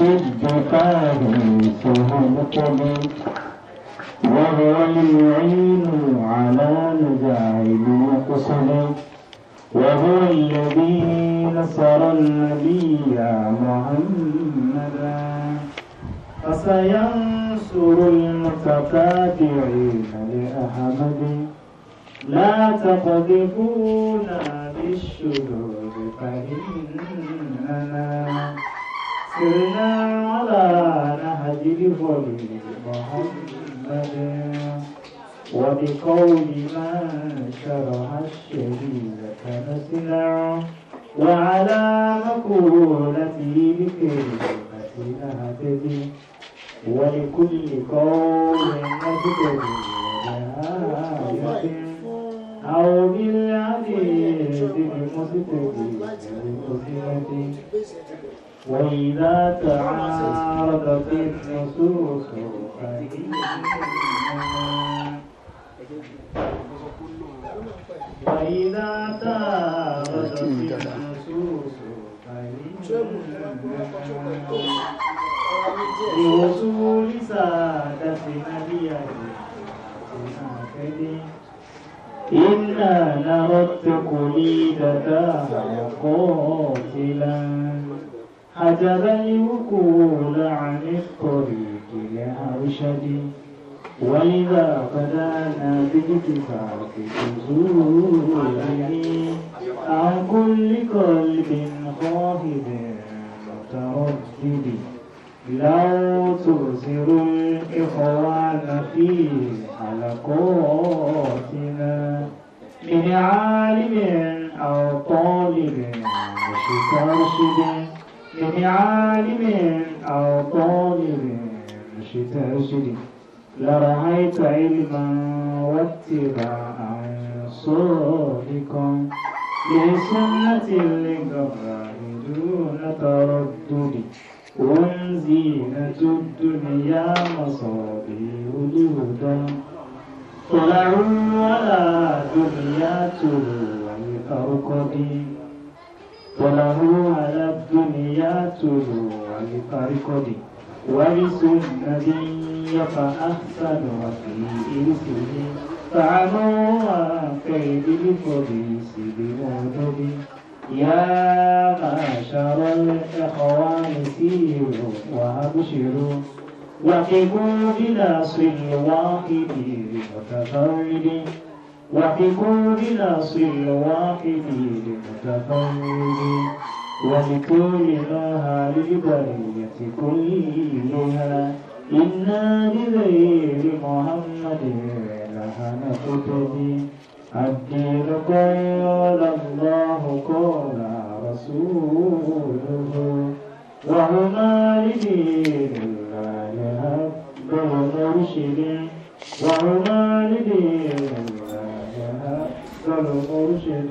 الجبار فهو مقبل وهو المعين على نزاع المقصد وهو الذي نصر النبي محمدا فسينصر المتتابعين لأحمد لا تقذفونا بالشذوذ فإننا سرنا على نهجهم محمد وبقول ما شرح الشريعة نسنا وعلى مقولته بكلمة نهتدي ولكل قوم نذكر وآية أو بالعديد المستقيم المسلمة وإذا تعارضت النصوص وإذا تعارضت النصوص لوصول سادة نبيه إنا نرى التقليد قاتلا حجب الوقول عن الطريق لأرشد وإذا قدانا باتفاق نزوله عن كل قلب خافض متردد لو تبصر الإخوان في حلقاتنا من عالم أو طالب مترشد من عالم أو طالب شتاء مسترشد لرأيت علما واتباعا صادقا لسنة الجبار دون تردد وزينة الدنيا مصابي وجودا طلعوا ولا دنيا تلوى طلعوا على الرسول ويبقى ركضي ولسنتي فأحسن وفي إرسلي فعموا كيد القديس بموجبي يا معشر الإخوان سيروا وأبشروا وقفوا بناصر الواحد المتفرد وقفوا بناصر الواحد المتفرد ولكونها للبرية كلها إنا بغير محمد لها نقتدي الدين قال الله قال رسوله وهما لدين الله حب المرشد وهما لدين الله حب المرشد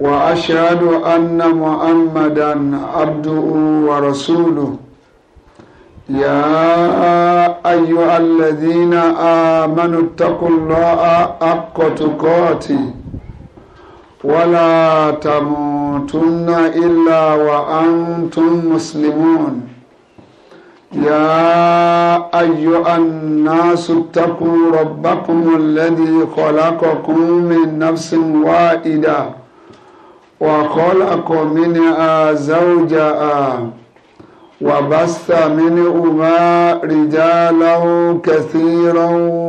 وأشهد أن محمدا عبده ورسوله يا أيها الذين آمنوا اتقوا الله حق تقاته ولا تموتن الا وانتم مسلمون يا أيها الناس اتقوا ربكم الذي خلقكم من نفس واحده وخلق منها زوجها وبث منهما رجالا كثيرا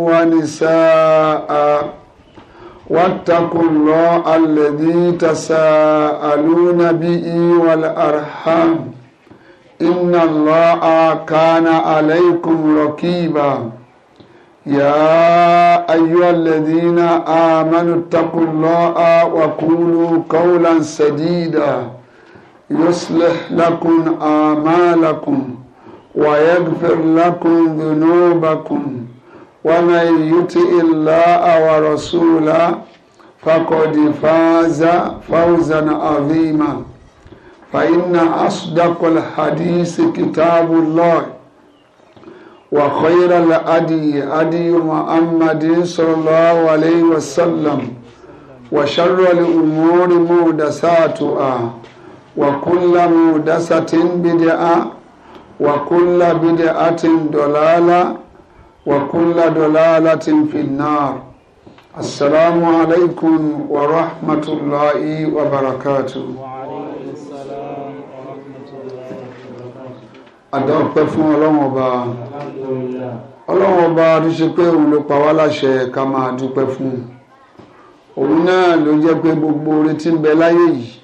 ونساء واتقوا الله الذي تساءلون به والأرحام إن الله كان عليكم رقيباً يا أيها الذين آمنوا اتقوا الله وقولوا قولا سديدا يصلح لكم أعمالكم ويغفر لكم ذنوبكم ومن يطع الله ورسوله فقد فاز فوزا عظيما فإن أصدق الحديث كتاب الله وخير الأدي أدي محمد صلى الله عليه وسلم وشر الأمور مودساتها وكل مودسة بدعة وكل بدعة ضلالة وكل ضلالة في النار السلام عليكم ورحمة الله وبركاته àdáwọ̀ pẹ́ fún ọlọ́run ọba ọlọ́run ọba tó ṣe pé òun ló pa wá láṣẹ ká máa dúpẹ́ fún òun náà ló jẹ́ pé gbogbo oore tí ń bẹ láyé yìí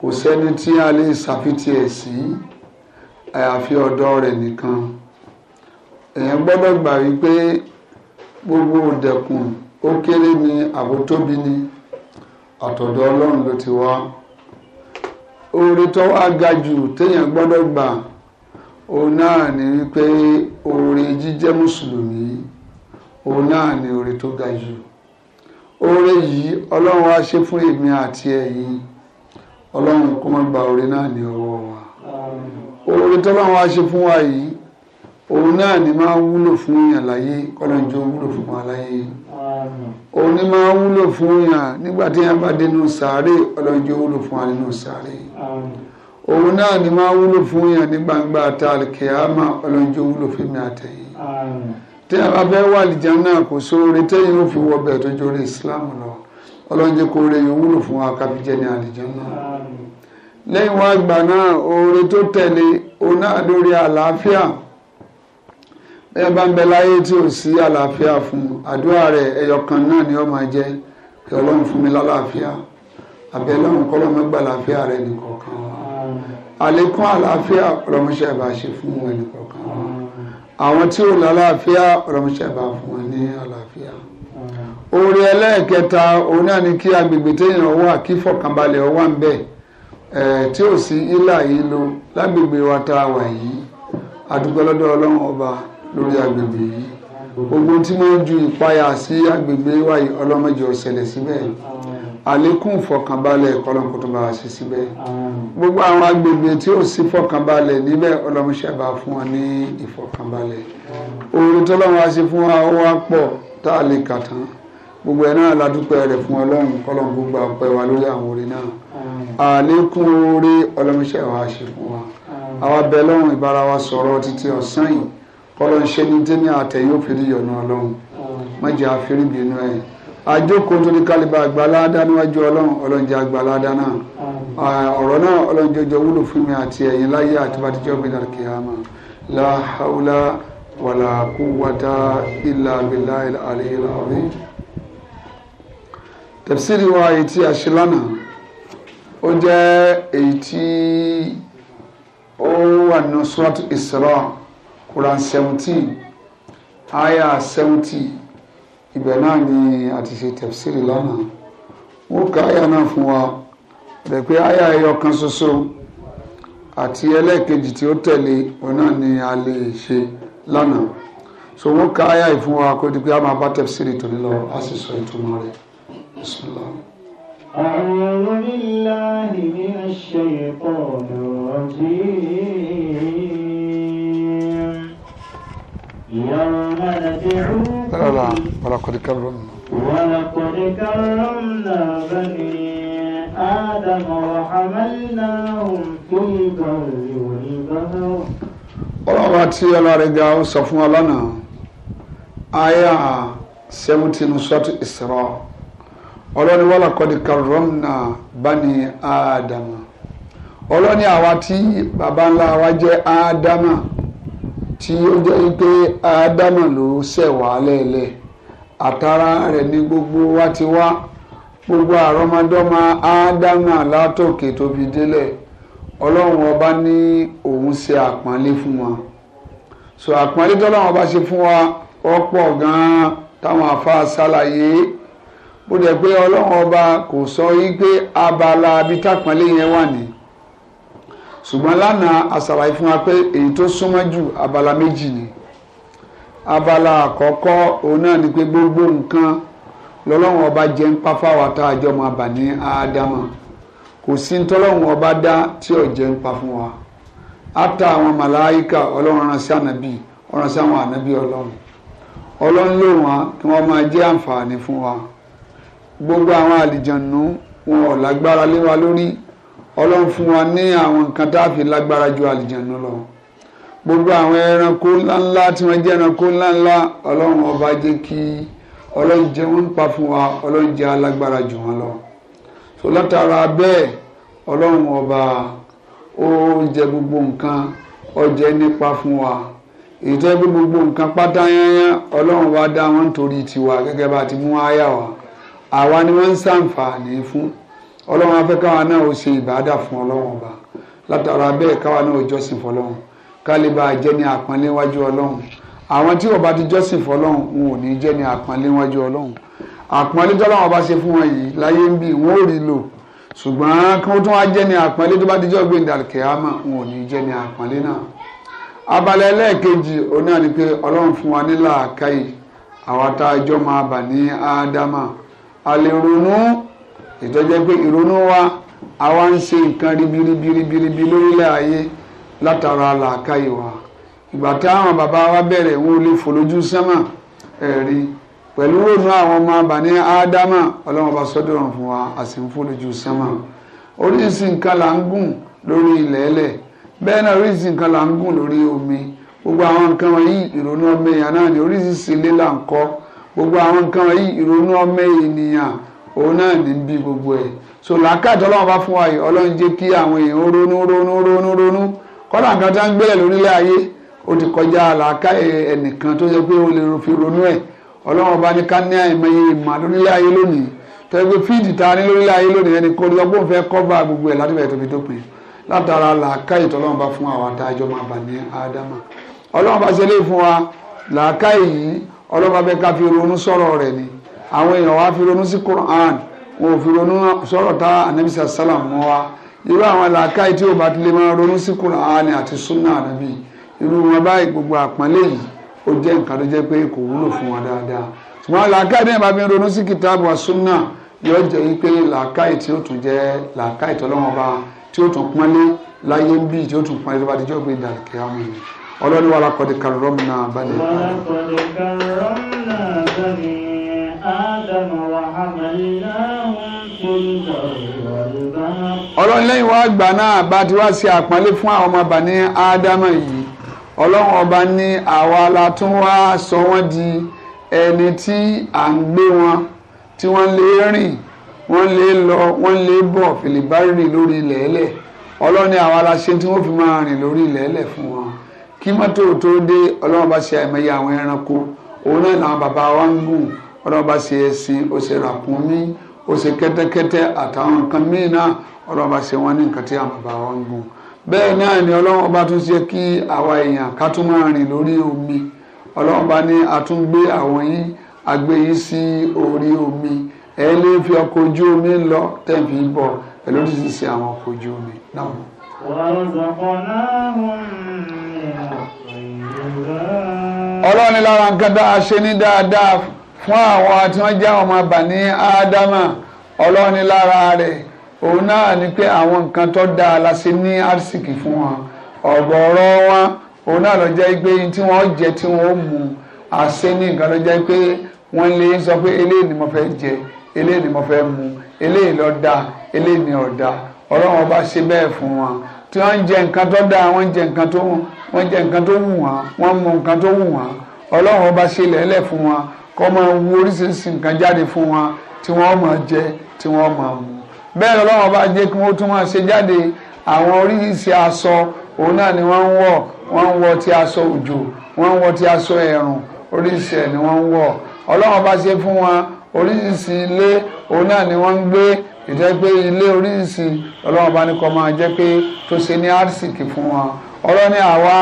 kò sẹ́ni tí a lè ṣàfitì ẹ̀ sí àyàfi ọ̀dọ̀ rẹ̀ nìkan èèyàn gbọ́dọ̀ gbà wípé gbogbo òdẹ̀kùn ó kéré ni àbótóbi ni àtọ̀dọ̀ ọlọ́run ló ti wá oore tó wá ga jù téèyàn gbọ́dọ̀ gbà òun náà ni wípé oore jíjẹ́ mùsùlùmí òun náà ni oore tó ga jù oore yìí ọlọ́run wá ṣe fún èmi àti ẹ̀yin ọlọ́run kó má gba oore náà ní ọwọ́ wa oore tọ́lọ́run wá ṣe fún wa yìí òun náà ni máa wúlò fún èèyàn láyé kọ́lọ́run jọ wúlò fún wa láyé òun ni máa wúlò fún èèyàn nígbà tí èèyàn bá dénú sàárè ọlọ́run jọ wúlò fún wa nínú sàárè òun náà ni máa wúlò fún yàn ní gbangba tàlkìyàmà ọlọ́njọ́ wúlò fún mi àtẹ̀yìn tí a bá fẹ́ wà lìjánà kò sóore tẹ́yìn ó fi wọ bẹ̀rẹ̀ tó jórí Islam lọ ọlọ́njẹ́ kó rẹ̀ yóò wúlò fún akábíjẹ́ ní àlìjánà lẹ́yìn wá gbà náà oore tó tẹ̀lé òun náà lórí àlàáfíà bẹ́ẹ̀ bá ń bẹ láyé tí ò sí àlàáfíà fún àdúrà rẹ̀ ẹyọkan náà ni ó máa jẹ́ kí ọlọ́run fún mi lálàáfíà àbẹ̀lọ́run kọ́lọ́mọ́gbà àlàáfíà rẹ̀ nìkọ̀ọ̀kan àlékún àlàáfíà ọlọmọṣẹ bá ṣe fún ẹnì kọ̀ọ̀kan àwọn tí ò lálàáfíà ọlọmọṣẹ bá fún wọn ní àlàáfíà oore ẹlẹ́ẹ̀kẹta òun náà ni kí agbègbè téèyàn wà kí fọkànbalẹ̀ ọwà ń bẹ tí ò sí ilà yìí lo lágbègbè wa tá a wà yìí adúgbò lọ́dọ̀ ọlọ́run ọba lórí agbègbè yìí gbogbo tí wọ́n ju ìpayà sí agbègbè wa yìí ọlọ́mọdé ó ṣẹlẹ̀ síbẹ̀ àlékún ìfọkànbalẹ̀ kọlọ́nkó tó bá wa ṣe síbẹ̀ gbogbo àwọn agbègbè tí ò sí fọkànbalẹ̀ níbẹ̀ ọlọ́múṣẹ́ bá fún wọn ní ìfọkànbalẹ̀ oore tó lọ́wọ́ a ṣe fún wa ó wá pọ̀ tá a lè kà tán gbogbo ẹ̀ náà ládùúpẹ́ rẹ̀ fún ọlọ́run kọlọ́n gbogbo àpẹ wa lórí àwọn orin náà àlékún oore ọlọ́múṣẹ́ ṣe fún wa àwa bẹ lọ́run ìbára wa sọ̀rọ̀ títí ọ̀sán yìí kọlọ́n ṣe ní tẹ́mi àtẹ̀yọ́ fìdí àjókòó torí kálíbà àgbàládá níwájú ọlọ́run ọlọ́run jẹ́ àgbàládá náà ọ̀rọ̀ náà ọlọ́run jọjọ wúlò fún mi àti ẹ̀yin láyé àti bá tíjọ́ bí dàrú kìámà la haula wala quwwata illa billahi al-aliyyil azim. tafsiri wa èyí tí a ṣe lánàá ó jẹ́ èyí tí ó wà nínú surat Isra Quran seventeen ayah seventy ibẹ̀ náà ni a ti ṣe tẹ̀síìrì lánàá wọ́n ka àyà náà fún wa rẹ̀ pé àyà ẹyọ kan ṣoṣo àti ẹlẹ́ẹ̀kejì tí ó tẹ̀lé òun náà ni a lè ṣe lánàá so wọ́n ka àyà yìí fún wa kó di pé a máa bá tẹ̀síìrì tòní lọ a sì sọ ìtumọ̀ rẹ̀ bismillah. أعوذ بالله من الشيطان الرجيم يوم ندعو لا ولقد كرمنا بني آدم وحملناهم في البر والبحر ọlọ́run àti ọlọ́rẹ̀gà ó sọ fún wa lánàá aya seventeen sọ́tù Isra ọlọ́ni wa laqad karramna bani ádámà ọlọ́ni àwa tí baba ńlá wa jẹ́ ádámà. tí ó jẹ́ pé ádámà ló ṣẹ̀ wá lẹ́ẹ̀lẹ́ àtàrà rẹ̀ ní gbogbo wa ti wá gbogbo àrọ́mọdọ́mọ ádámà látòkè tó fi délẹ̀ ọlọ́run ọba ní òun ṣe àpọ́nlé fún wa so àpọ́nlé tọ́lọ́run ọba ṣe fún wa ọ̀pọ̀ gan-an táwọn àfáà ṣàlàyé bó dẹ̀ pé ọlọ́run ọba kò sọ yí pé abala abitá yẹn wà ní. ṣùgbọ́n lánàá àṣàlàyé fún wa pé èyí tó súnmọ́ jù abala méjì ni abala àkọ́kọ́ òun náà ni pé gbogbo nǹkan lọ́lọ́run ọba jẹ́ ń pa fáwa tá a jọ máa bà ní ádámà kò sí tọ́lọ́run ọba dá tí ò jẹ́ ń pa fún wa ata àwọn màláíkà ọlọ́run rán sí ànábì ọ̀ràn sí àwọn ànábì ọlọ́run ọlọ́run ló wọn kí wọ́n máa jẹ́ àǹfààní fún wa gbogbo àwọn àlìjànú wọn ò lágbára lé wa lórí ọlọ́run fún wa ní àwọn nǹkan tá a fi lágbára ju àlìjànú lọ gbogbo àwọn ẹranko ńláńlá tí wọ́n jẹ́ ẹranko ńláńlá ọlọ́run ọba jẹ́ kí ọlọ́run jẹ́ wọ́n ń pa fún wa ọlọ́run jẹ́ alágbára jù wọ́n lọ so látara bẹ́ẹ̀ ọlọ́run ọba ó jẹ gbogbo nǹkan ọjẹ́ nípa fún wa èyí tó gbogbo nǹkan pátá yányán ọlọ́run wa dá wọn nítorí tiwa gẹ́gẹ́ bá ti mú àyà wa àwa ni wọ́n ń ṣàǹfààní fún ọlọ́run afẹ́ káwa náà ó ṣe ìbáadà fún ọlọ́run ọba látara bẹ́ẹ̀ káwa náà ó jọ́sìn fọlọ́run ká lè bá a jẹ́ ní àpọ́nlé wájú ọlọ́run àwọn tí ó bá ti jọ́sìn fọlọ́run wọn ò ní jẹ́ ní àpọ́nlé wájú ọlọ́run àpọ́nlé tọ́lọ́run ọba ṣe fún wọn yìí láyé ń bì wọ́n ò rí lò ṣùgbọ́n kí wọ́n tún wá jẹ́ ní àpọ́nlé tó bá ti jọ́ gbé ìdàkẹ́hámà wọn ò ìtọ́jẹ́ pé ìrònú wa àwa ń ṣe nǹkan ribiribiribi lórílẹ̀ ayé látara làákàyè wa ìgbà táwọn bàbá wa bẹ̀rẹ̀ wọn ò lè fò lójú sánmà ẹ̀rí pẹ̀lú ònú àwọn ọmọ abàní ádámà ọlọ́run ọba sọ́dọ̀ràn fún wa a sì ń fò lójú sánmà oríṣi nǹkan là ń gùn lórí ilẹ̀ ẹlẹ̀ bẹ́ẹ̀ náà oríṣi nǹkan là ń gùn lórí omi gbogbo àwọn nǹkan wọ̀nyí ìrònú ọmọ èèyàn náà ni oríṣiríṣi ilé là ń kọ́ gbogbo àwọn nǹkan wọ̀nyí ìrònú ọmọ ènìyàn òun náà ní bí gbogbo ẹ̀ so làákàtí ọlọ́run bá fún wa yìí ọlọ́run jẹ́ kí àwọn èèyàn ronú ronú ronú ronú kọ́dà nǹkan tí wọ́n ń gbélẹ̀ lórílẹ̀ ayé ó ti kọjá làákà ẹnìkan tó yẹ pé ó lè fi ronú ẹ̀ ọlọ́run bá ní ká ní àìmọye ìmọ̀ lórílẹ̀ ayé lónìí fíìdì ta ní lórílẹ̀ ayé lónìí gbogbo ẹ̀ láti bẹ̀rẹ̀ tó fi látara làákà àwọn èèyàn wá fi ronú sí quran wọn ò fi ronú sọ̀rọ̀ tá anabi sallam mọ́ wa irú àwọn làákàyè tí yóò bá tilẹ̀ máa ronú sí quran àti sunna anabi irú wọn báyìí gbogbo àpọ́nlé yìí ó jẹ́ nǹkan tó jẹ́ pé kò wúlò fún wọn dáadáa ṣùgbọ́n làákàyè tí yóò bá fi ronú sí kitabu asunna yóò jẹ́ wípé làákàyè tí yóò tún jẹ́ làákàyè tọ́lọ́wọ́n bá tí yóò tún pọ́nlé láyé ń bí tí yóò tún pọ́nlé tó bá ti jẹ́ � ọlọ́run lẹ́yìn wá gbà náà bá ti wá sí àpọ́nlé fún àwọn ọmọ bàní ádámà yìí ọlọ́run ọba ní àwa la tún wá sọ wọ́n di ẹni tí à ń gbé wọn tí wọ́n lè rìn wọ́n lè lọ wọ́n lè bọ̀ fìlìbárì lórí ilẹ̀ẹ́lẹ̀ ọlọ́run ní àwa la ṣe tí wọ́n fi máa rìn lórí ilẹ̀ẹ́lẹ̀ fún wọn kí mọ́tò tó dé ọlọ́run bá ṣe àìmọye àwọn ẹranko òun náà làwọn bàbá wa ń gùn ọlọ́run bá ṣe ẹṣin ó ṣe ràkúnmí ó ṣe kẹ́tẹ́kẹ́tẹ́ àtàwọn nǹkan míì náà ọlọ́run ṣe wọ́n ní nǹkan tí àwọn bàbá wọn ń gùn bẹ́ẹ̀ náà ni ọlọ́run bá tún ṣe kí àwa èèyàn ká tún máa rìn lórí omi ọlọ́run bá ní àtúngbé àwọn yín àgbé yín sí orí omi ẹ lè fi ọkọ̀ ojú omi lọ tẹ̀fì bọ̀ ẹ lórí ti ṣe àwọn ọkọ̀ ojú omi náà. ọlọ́run lára nǹkan dáa ṣe ní dáadáa fún àwọn tí wọ́n jẹ́ ọmọ bàní ádámà ọlọ́run ní lára rẹ̀ òun náà ni pé àwọn nǹkan tó dáa la ṣe ní arsìkì fún wọn ọ̀gọ̀ọ̀rọ̀ wọn òun náà lọ jẹ́ pé tí wọ́n jẹ tí wọ́n mú àṣẹ ní nǹkan lọ jẹ́ pé wọ́n lè sọ pé eléyìí ni mo fẹ́ jẹ eléyìí ni mo fẹ́ mu eléyìí ló dáa eléyìí ni ò dáa ọlọ́run ọba ṣe bẹ́ẹ̀ fún wọn tí wọ́n ń jẹ nǹkan tó dáa wọ́n jẹ nǹkan tó wọ́n jẹ nǹkan tó wù wọ́n wọ́n ń nǹkan tó wù wọ́n ọlọ́run ọba ṣe lẹ́lẹ̀ fún wọn kọ́ máa wu oríṣiríṣi nǹkan jáde fún wọn tí wọ́n máa jẹ tí wọ́n máa mu bẹ́ẹ̀ lọ́wọ́ bá jẹ́ kí wọ́n tún máa ṣe jáde àwọn oríṣiríṣi aṣọ òun náà ni wọ́n ń wọ̀ wọ́n ń wọ ti aṣọ òjò wọ́n ń wọ ti aṣọ ẹ̀rùn oríṣiríṣi ni wọ́n ń wọ̀ ọlọ́wọ́ bá ṣe fún wọn oríṣiríṣi ilé òun náà ni wọ́n ń gbé ìjẹ́ pé ilé oríṣiríṣi ọlọ́wọ́ bá ní kọ́ máa jẹ́ pé tó ṣe ní arsìkì fún wọn ọlọ́ni àwa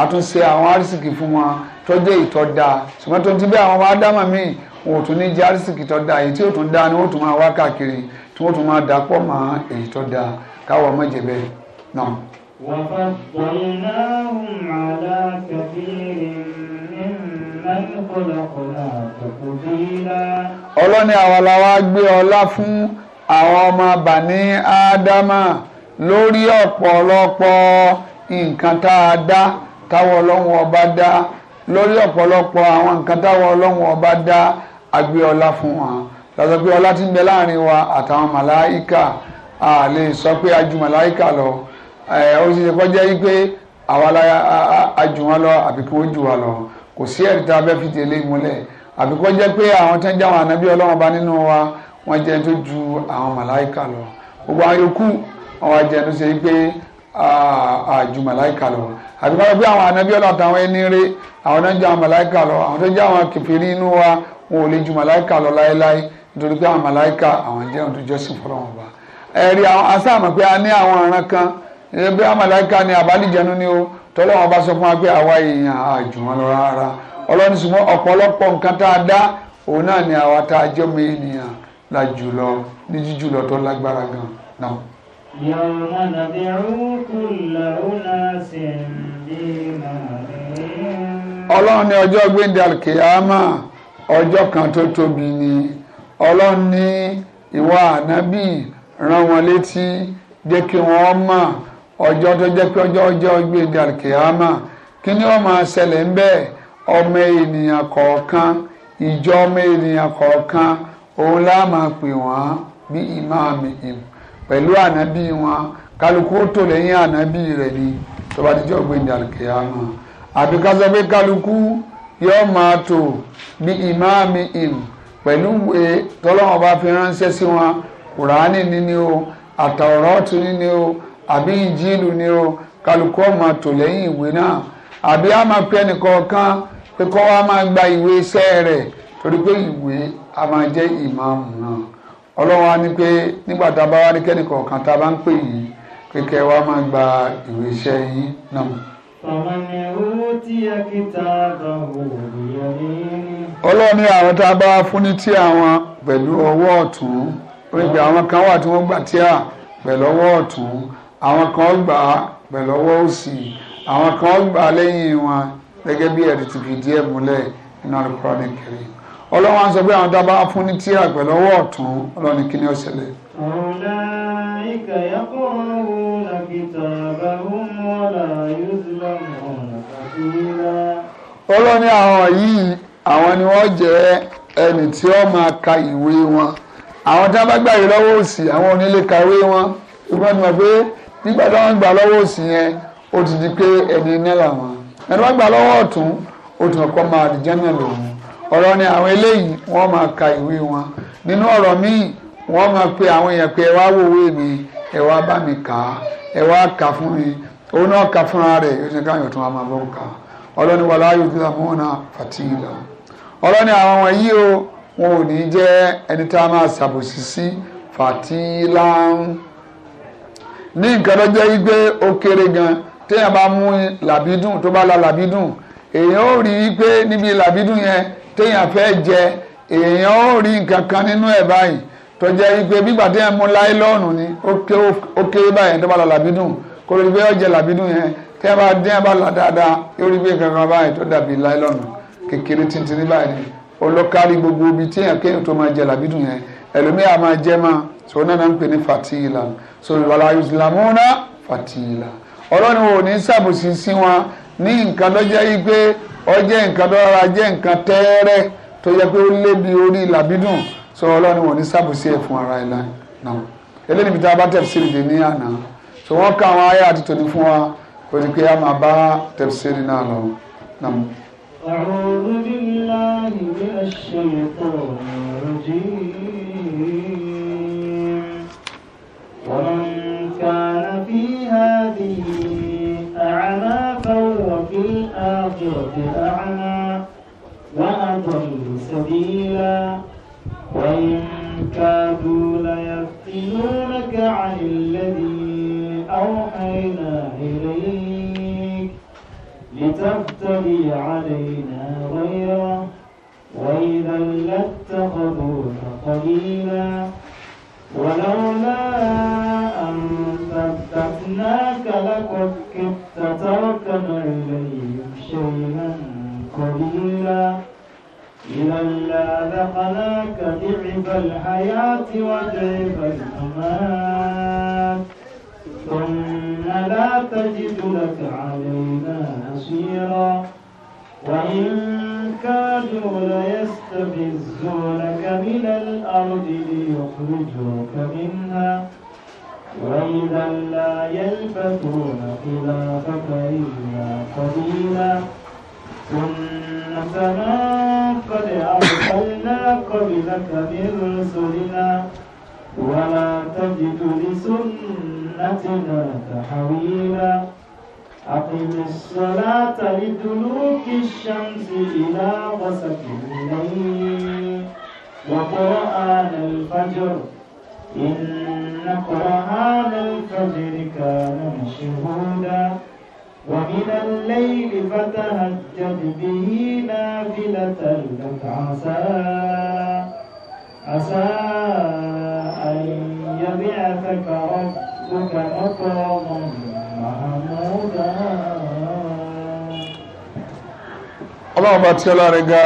àtúnṣe àwọn arísìkì fún wọn tó dé ìtọ́ dáa ṣùgbọ́n tó ti bí àwọn ọmọ ádámà míì wọn ò tún ní jẹ́ àrísìkì tó dáa èyí tí ò tún dáa ni wọ́n tún máa wá káàkiri tí wọ́n tún máa dà pọ̀ mọ́ èyí tó dáa káwọ́ ọmọ jẹ̀bẹ̀ náà. ọlọ́ni àwa la wá gbé ọlá fún àwọn ọmọ bàní ádámà lórí ọ̀pọ̀lọpọ̀ nǹkan tá a dá táwọn ọlọ́run ọba dá lórí ọ̀pọ̀lọpọ̀ àwọn nǹkan táwọn ọlọ́run ọba dá agbé ọlá fún wa lọ́sọ pé ọlá ti ń bẹ láàrin wa àtàwọn màláìkà a lè sọ pé a ju màláìkà lọ ó sì ṣe kọjá yí pé àwa a jù wọn lọ àbí kí wọ́n jù wa lọ kò sí ẹ̀rí tá a bẹ́ fi tẹ̀lé múlẹ̀ àbí kọ́ jẹ́ pé àwọn tó ń jẹ́ àwọn ànábí ọlọ́run ọba nínú wa wọ́n jẹ́ tó ju àwọn màláìka lọ gbogbo àwọn yòókù wọ́n wá jẹ́ tó ṣe pé àjù màláìka lọ àti báyọ̀ bí àwọn ànábí ọlọ́run àtàwọn ẹni rẹ àwọn náà jẹ́ àwọn màláìkà lọ àwọn tó jẹ́ àwọn kẹfìrí inú wa wọn ò lè ju màláìkà lọ láéláé nítorí pé àwọn màláìkà àwọn jẹ́ ohun tó jọ́sìn fọlọ́wọn ọba ẹ̀rí àwọn asáàmù pé a ní àwọn ọ̀ràn kan bí àwọn màláìkà ni àbálìjẹnu ni o tọ́lọ́wọ́n bá sọ fún wa pé àwa èèyàn àjù wọn lọ rárá ọlọ́run ṣùgbọ́n ọ̀pọ̀lọpọ̀ nǹkan tá a dá òun náà ni àwa tá a jọ́ mi ènìyàn ọlọ́run ní ọjọ́ gbẹ̀ndẹ̀ alkiyama ọjọ́ kan tó tóbi ni ọlọ́run ní ìwà ànábì rán wọn létí jẹ́ kí wọ́n mọ̀ ọjọ́ tó jẹ́ pé ọjọ́ ọjọ́ gbẹ̀ndẹ̀ alkiyama kí ni ó máa ṣẹlẹ̀ ń bẹ́ẹ̀ ọmọ ènìyàn kọ̀ọ̀kan ìjọ ọmọ ènìyàn kọ̀ọ̀kan òun la máa pè wọ́n bí ìmáàmì pẹ̀lú ànábì wọn kálukú tó lẹ́yìn ànábì rẹ̀ ni. tó bá dijọ́ gbé ní àlùkìyámà àbí ká sọ pé kálukú yóò máa tò bí ìmáàmì im pẹ̀lú ìwé tọ́lọ́wọ́n bá fi ránṣẹ́ sí wọn kùránì níní o àtàwọ̀rọ̀tù níní o àbí ìjìlù ní o kálukú ó máa tò lẹ́yìn ìwé náà àbí a máa pẹ́ nìkọ̀ọ̀kan pé kọ́ wa máa gba ìwé iṣẹ́ rẹ̀ torí pé ìwé a máa jẹ́ ìmáàmù náà ọlọ́wọ́n á ní pé nígbà tá a bá wá ní kẹ́nìkọ̀ọ̀kan tá a bá ń pè yìí kíkẹ́ wa máa gba ìwé iṣẹ́ yín náà. Fàmánì owó tí a kì ta àbáwò ìyá ní. Ọlọ́run ní àwọn tá a bá fún ní tí àwọn pẹ̀lú ọwọ́ ọ̀tún. Oríṣi àwọn kan wà tí wọ́n gbà tí à pẹ̀lú ọwọ́ ọ̀tún. Àwọn kan gbà pẹ̀lú ọwọ́ òsì. Àwọn kan gbà lẹ́yìn wọn gẹ́gẹ́ bí ẹ̀rí ti fi díẹ̀ múlẹ̀ nínú Al-Qur'an Al-Karim. sọ pé àwọn tá a bá fún ní tí à pẹ̀lú ọwọ́ ọ̀tún. Ọlọ́run kí ni ó ṣẹlẹ̀? أولئك يقرؤون كتابهم ولا يظلمون فتيلا ọlọ́ni àwọn yìí àwọn ni wọ́n jẹ́ ẹni tí ó máa ka ìwé wọn àwọn tí wọ́n bá gbà yìí lọ́wọ́ òsì àwọn onílé ka ìwé wọn ìgbọ́n ni wọ́n pé nígbà tí wọ́n gbà lọ́wọ́ òsì yẹn ó ti di pé ẹni iná wọn. ẹni wọ́n gbà lọ́wọ́ ọ̀tún ó ti ọkọ̀ máa dìjẹ́ náà lòun ọ̀rọ̀ àwọn eléyìí wọ́n máa ka ìwé wọn nínú ọ̀rọ̀ míì wọ́n máa pe àwọn èèyàn pé ẹ wá wo ìwé mi ẹ wá bá mi kà á ẹ wá kà fún mi òun náà kà fúnra rẹ̀ yóò ṣe káyọ̀ tó máa bọ́ kà ọlọ́ni wà láàyò tó fún ọ̀nà fàtíìlà ọlọ́ni àwọn wọ̀nyí o wọn ò ní jẹ́ ẹni tá a máa ṣàbòsí sí fàtíìlà ní nǹkan tó jẹ́ igbe ó kéré gan téèyàn bá mú làbídùn tó bá la làbídùn èèyàn ó rí i pé níbi làbídùn yẹn téèyàn fẹ́ jẹ èèyàn ó rí nǹkan kan nínú ẹ̀ báyìí tó jẹ́ ipe gbígbà tí yẹn mú láìlọ́ọ̀nù ni ó kéré báyẹn tó bá lọ làbídùn kó lórí pé ọ̀jẹ̀ làbídùn yẹn tí yẹn bá dín yẹn bá là dáadáa yóò rí pé kankan báyìí tó dàbí láìlọ́ọ̀nù kékeré tìǹtìǹ báyìí ni olókárí gbogbo ibi tí yẹn kéèyàn tó máa jẹ làbídùn yẹn ẹlòmíà máa jẹ máa so náà náà ń pè ní fatila so ìwàlá ìsìlámúná fatila ọlọ́run ò ní sàbòsí sí wọn ní nǹkan tó jẹ́ yí pé ọjẹ́ nǹkan tó rárá jẹ́ nǹkan tẹ́ẹ́rẹ́ tó yẹ pé ó lébi orí làbídùn so ọlọ́run wọn ní sábùsí ẹ̀ fún ara ẹ̀ náà eléyìí níbi tí tẹ̀síìrì dé ní àná so wọ́n ká àwọn ayé àti tòní fún wa kò ní pé a máa bá tẹ̀síìrì náà lọ ومن كان في هذه أعمى فهو في الآخرة أعمى وأضل سبيلا وإن كادوا ليفتنونك عن الذي أوحينا إليك لتفتري علينا غيره وإذا لاتخذوك قليلا ولولا أن فتحناك لقد كدت تركن إليهم شيئا قليلا إلنا ذقناك ضعف الحياة وضعف الممات ثم لا تجد لك علينا نصيرا وإن كادوا ليستفزونك من الأرض ليخرجوك منها وإذا لا يلبثون خلافك إلا قليلا سنة من قد أرسلنا قبلك من رسلنا ولا تجد لسنتنا تحويلا أقم الصلاة لدلوك الشمس إلى غسق الليل وقرآن الفجر إن قرآن الفجر كان مشهودا ومن الليل فتهجد به نافلة لك عسى عسى أن يبعثك ربك مقاما محمودا ọlọ́run bá tí ọlọ́run ga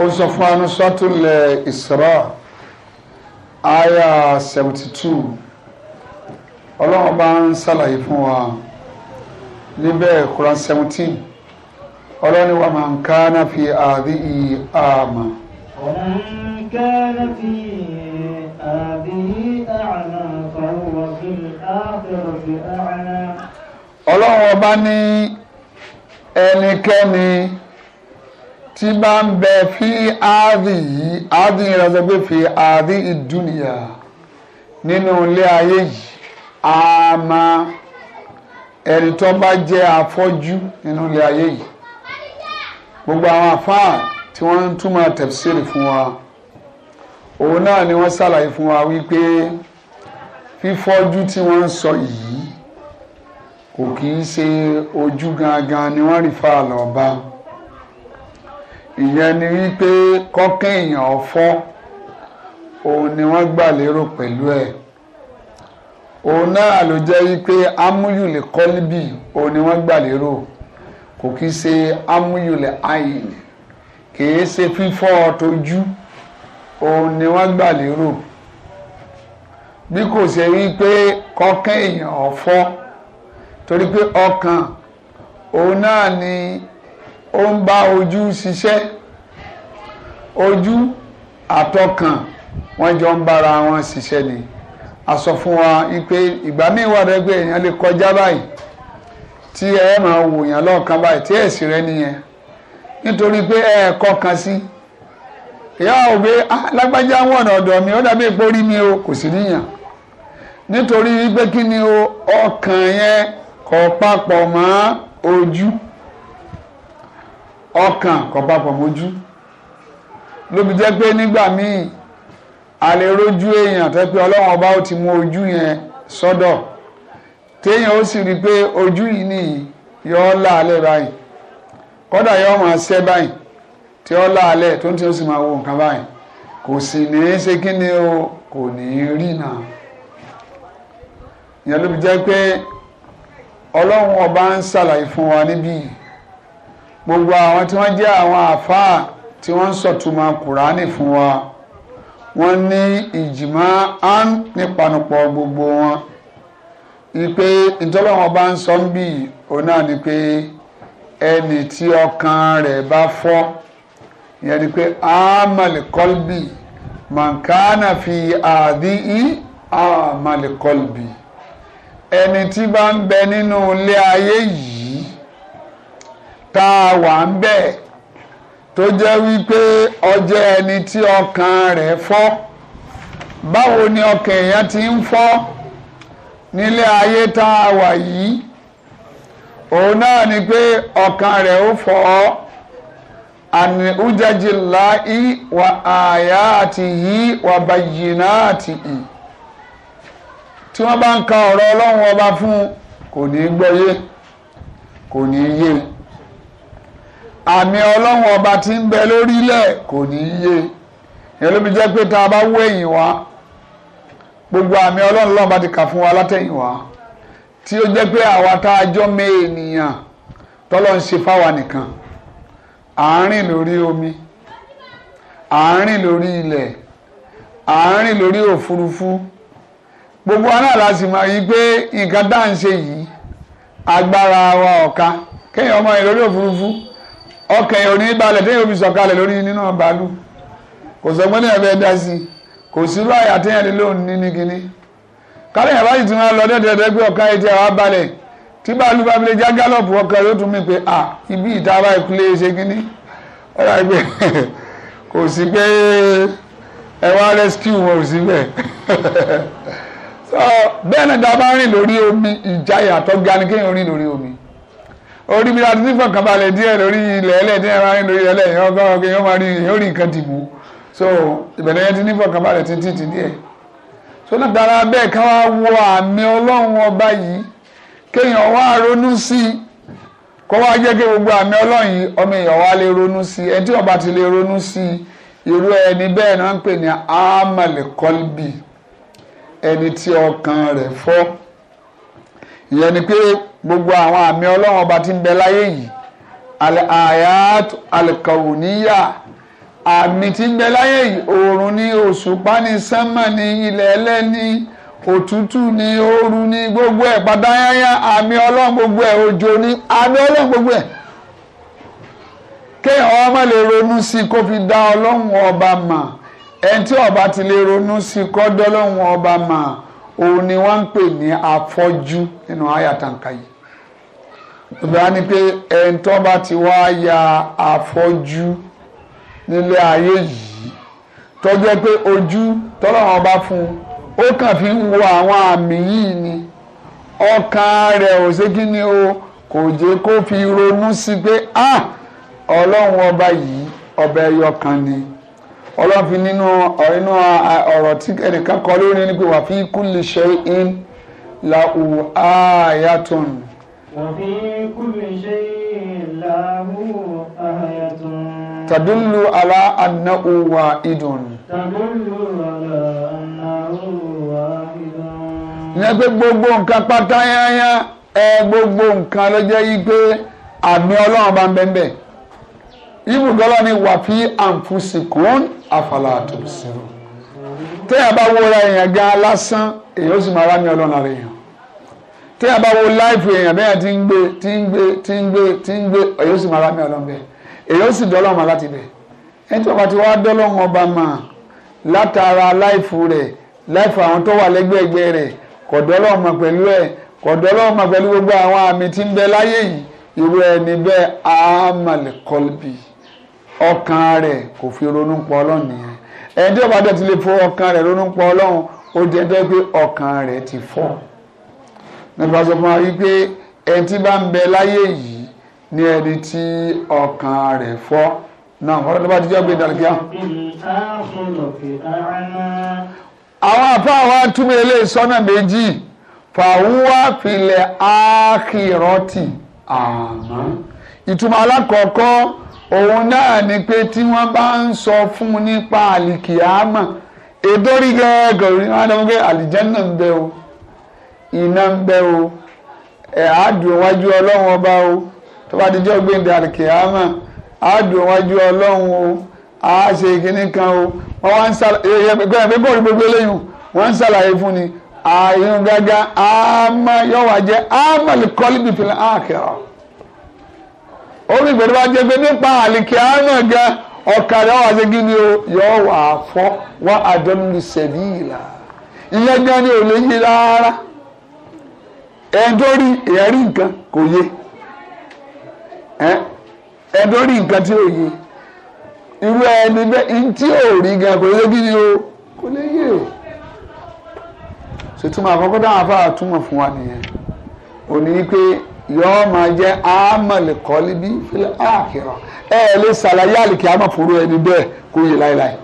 ó sọ fún anúṣọ́túnlẹ̀ Isra aya 72 ọlọ́run bá ń ṣàlàyé fún wa níbẹ̀ Quran seventeen ọlọ́ni wa man kana fi àdìyí àmà. wa man kana fi àdìyí àmà fahuwa fil akhirati a'ma. ọlọ́run ọba ní ẹnikẹ́ni tí bá ń bẹ fi àdìyí àdìyí rẹ̀ sọ pé fi àdìyí dúnìyà nínú ilé ayé yìí àmà ẹni tó bá jẹ́ afọ́jú nínú ilé ayé yìí gbogbo àwọn àfáà tí wọ́n ń túmọ̀ tẹ̀síìrì fún wa òun náà ni wọ́n ṣàlàyé fún wa wípé fífọ́jú tí wọ́n ń sọ yìí kò kì í ṣe ojú gangan ni wọ́n rí fáà lọ bá ìyẹn ni wípé kọ́kẹ́ èèyàn ọ̀fọ́ òun ni wọ́n gbà lérò pẹ̀lú ẹ̀. E òun náà ló jẹ́ wípé amúyùlẹ̀ kọ́líbì òun ni wọ́n gbà lérò kò kí ṣe amúyùlẹ̀ ayin kìí ṣe fífọ́ tójú òun ni wọ́n gbà lérò bí kò ṣe wípé kọ́kán èèyàn ọ̀fọ́ torí pé ọkàn òun náà ni ó ń bá ojú ṣiṣẹ́ ojú àtọkàn wọ́n jọ ń bára wọn ṣiṣẹ́ ni. Si a fún wa ipe ìgbà míì wà dẹ́gbẹ́ èèyàn lè kọjá báyìí tí ẹ máa wò yàn lọ́ọ̀kan báyìí tí èsì rẹ nìyẹn nítorí pé ẹ kọkàn sí ìyá òbí lágbájá ń wọ̀nà ọ̀dọ̀ mi ó dàbí ìpórí mi o kò sí níyàn nítorí pé kí ni o ọkàn yẹn kò papọ̀ mọ́ ojú ọkàn kò papọ̀ mọ́ ojú lóbi jẹ́ pé nígbà míì a lè rójú èèyàn tó pé ọlọ́run ọba ó ti mú ojú yẹn sọ́dọ̀ téèyàn ó sì rí i pé ojú yìí nìyí yọ ọ́ láàlẹ́ báyìí kódà yọ máa ṣẹ́ báyìí tí ọ́ láàlẹ́ tó ń tí ó sì máa wo nǹkan báyìí kò sì ní í ṣe kí ni o kò ní í rí náà ìyẹn ló fi jẹ́ pé ọlọ́run ọba ń ṣàlàyé fún wa níbí gbogbo àwọn tí wọ́n jẹ́ àwọn àfáà tí wọ́n ń sọ̀túnmọ̀ kùránì fún wa. wọ́n ní ìjìmá án nípanupọ̀ gbogbo wọn ipe ìtọ́lọ́wọ́n bá ń sọ ń bì òun náà ni pé ẹni tí ọkàn rẹ̀ bá fọ́ ìyẹn ni pé amalikọ́lbì mankana fi àdí i amalikọ́lbì ẹni tí bá ń bẹ nínú ilé ayé yìí tá a wà ń bẹ́ẹ̀ tó jẹ́ wípé ọjẹ́ ẹni tí ọkàn rẹ̀ fọ́ báwo ni ọkàn èèyàn ti ń fọ́ nílé ayé tá a wà yìí òun náà ni pé ọkàn rẹ̀ ó fọ́ àní láì wà àyà àti yìí wà bàyìnà àti ì tí wọ́n bá ka ọ̀rọ̀ ọlọ́run ọba fún un kò ní kò ní yé àmì ọlọ́run ọba tí ń bẹ lórílẹ̀ kò ní í yé ìyẹn ló fi jẹ́ pé tá a bá wó ẹ̀yìn wá gbogbo àmì ọlọ́run lọ́run bá ti kà fún wa látẹ̀yìn wá tí ó jẹ́ pé àwa tá a jọ mé ènìyàn tọ́lọ́ ń ṣe fáwa nìkan à lórí omi à ń rìn lórí ilẹ̀ à lórí òfurufú gbogbo aná la sì mọ̀ yìí pé nǹkan dá ń ṣe yìí agbára wa ọ̀ka kéèyàn ọmọ yìí lórí òfurufú. ọkàn ò ní balẹ̀ téèyàn fi sọ̀kalẹ̀ lórí nínú bàálù kò sọ pé ní ẹ̀fẹ́ dá sí i kò sírú àyà téèyàn ní lóun ní ní kinní kálí yàrá yìí ti máa lọ dẹ́dẹ́dẹ́ pé ọ̀kan etí àwọn abalẹ̀ tí bàálù bá fi já gálọ̀pù ọkàn ló tún mí pé à ibi ìta ara ìkúlé ṣe kinní ọ̀rọ̀ àgbẹ̀ kò sí pé ẹ rescue wọn ò sí bẹ́ẹ̀ bẹ́ẹ̀ ni dábàá rìn lórí omi ìjayà tó ga ni kéèyàn rìn lórí omi orí mi láti nífọ̀n kan balẹ̀ díẹ̀ lórí ilẹ̀ ẹlẹ̀ tí wọ́n máa ń lórí ẹlẹ̀ yẹn ọgbà ọgbà yẹn máa rí yẹn ó nǹkan dìbò so ìbẹ̀rẹ̀ yẹn ti nífọ̀n kan balẹ̀ títí ti díẹ̀ so látara bẹ́ẹ̀ ká wá wo àmì ọlọ́run ọba yìí kéèyàn wá ronú sí i kó wá jẹ́ kí gbogbo àmì ọlọ́run yìí ọmọ èèyàn wá lè ronú sí i ẹni tí ọba ti lè ronú sí i irú ẹni bẹ́ẹ̀ náà ń pè gbogbo àwọn àmì ọlọ́run ọba tí ń bẹ láyé yìí àyàt alkauniya àmì tí ń bẹ láyé yìí oòrùn ní òṣùpá ní sánmà ní ilẹ̀ ẹlẹ́ni òtútù ní ooru ní gbogbo ẹ̀ padàyáyá àmì ọlọ́run gbogbo ẹ̀ òjò ní àmì ọlọ́run gbogbo ẹ̀ kéèyàn ọmọ lè ronú sí kó fi dá ọlọ́run ọba mà ẹni tí ọba ti lè ronú sí kó dọ́lọ́run ọba mà òun ni wọ́n ń pè ní afọ́jú nínú àyàtàǹkà yìí ìbúra ni pé ẹni tó bá ti wá ya àfọ́jú nílé ayé yìí tó jẹ́ pé ojú tọ́lọ́run bá fún un ó kàn fi ń wo àwọn àmì yìí ni ọkàn rẹ̀ ò ṣe kí ni o kò jẹ́ kó fi ronú sí pé ah ọlọ́run ọba yìí ọba ẹyọ kan ni ọlọ́run fi nínú ọ̀rọ̀ tí ẹnìkan kọ lórí ni pé wà fi kulli shay'in lahu ayatun. وفي كل شيء له آية تدل على أنه واحد تدل على أنه واحد nẹ́gbẹ́ gbogbo nǹkan pátá yányá ẹ gbogbo nǹkan ló jẹ́ yí pé àmì ọlọ́run bá ń bẹ́ẹ̀ bẹ́ẹ̀ ibùdókòlá ni wà fi àǹfùsìkún àfàlà àtòsí téèyàn bá wọra èèyàn gan lásán èèyàn ó sì máa wá ní ọlọ́run ara tí a bá wo láìfù èèyàn bẹ́ẹ̀ ti ń gbé ti ń gbé ti ń gbé ti ń gbé èyí ó sì máa rámì ọlọ́run bẹ́ẹ̀ èyí ó sì dọ́lọ́ ọmọ láti bẹ̀ ẹni tó bá ti wá dọ́lọ́ ọba mà látara láìfù rẹ̀ láìfù àwọn tó wà lẹ́gbẹ̀ẹ́gbẹ́ rẹ̀ kò dọ́lọ́ ọmọ pẹ̀lú ẹ̀ kò dọ́lọ́ ọmọ pẹ̀lú gbogbo àwọn àmì tí ń bẹ láyé yìí irú ẹni bẹ́ẹ̀ àmàlẹ̀ ọkàn rẹ̀ kò fi ronú pọ̀ ọlọ́run nípa sọ fún wa wípé ẹni tí bá ń bẹ láyé yìí ní ẹni tí ọkàn rẹ̀ fọ́ náà ọ̀rọ̀ tó bá ti jẹ́ gbé dàlùkí àwọn. àfa wa túmọ̀ eléyìí sọ́nà méjì fàwúwà filẹ̀ ákìrọ́tì àmọ́ ìtumọ̀ alákọ̀ọ́kọ́ òun náà ni pé tí wọ́n bá ń sọ fún nípa àlìkìyàmọ̀ èdórí gẹ́gẹ́ gọ̀rí wọn á dẹ́wọ́n pé àlìjẹ́ náà ń bẹ o. iná ń bẹ o ẹ̀ àádùn wájú ọlọ́run ọba o tó bá ti jọ́ gbẹ̀ndẹ̀ àlùkìyámà àádùn wájú ọlọ́run o a ṣe kínní kan o wọ́n wá ń ṣàlàyé ẹgbẹ́ mi bọ̀ gbogbo eléyìí wọ́n ń ṣàlàyé fún ni ààyùn gágá àmà yọ̀wà jẹ́ àmàlì kọ́líbì fìlà àkẹ́rọ̀ orí ìgbẹ́ni bá jẹ́ pé nípa àlìkè àmà gan ọ̀kadà wà ṣe gíní o yọ̀wà fọ́ wọ́n ìyẹn gan ni ò lè ẹ̀ẹ́dórí ẹ̀rí nǹkan kò yé ẹ̀ẹ́dórí nǹkan tí ò yé irú ẹni bẹ́ẹ̀ tí ò rí gan kò yé gidi o kò lè yé o ṣètùmọ̀ àkọ́kọ́ dáhùn afárá túmọ̀ fún wa nìyẹn òní pé yọọ máa jẹ́ àmàlẹ̀ kọ́lí bí fílẹ̀ àkìrọ̀ ẹ ẹ lè ṣàlàyé àlìkí àmọ̀ fúru ẹni bẹ́ẹ̀ kò yé láéláé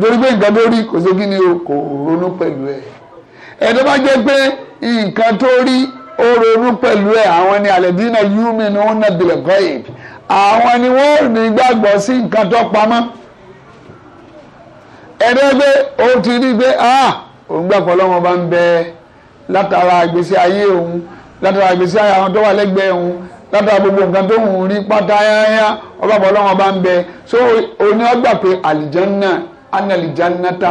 torí pé nǹkan lórí kò sí gidi o kò ronú pẹ̀lú ẹ̀. ẹ̀ pe bá jẹ́ pé nǹkan tó rí ó ronú pẹ̀lú ẹ̀ àwọn ni àlẹ́dínà yúmi ni wọ́n nàbìlẹ̀ gọ́yìn àwọn ni wọ́n ní gbàgbọ́ sí nǹkan tó pamọ́ ẹ̀ẹ́dẹ́gbẹ́ ó ti rí pé ah, òun gbàgbọ́ lọ́wọ́ bá ń bẹ látara ìgbésí ayé òun látara ayé àwọn tó wà gbogbo nǹkan tó ń rí pátá yáyá ọgbàgbọ́ so onye ọgbà pé àlìjánná ànàlìjánná ta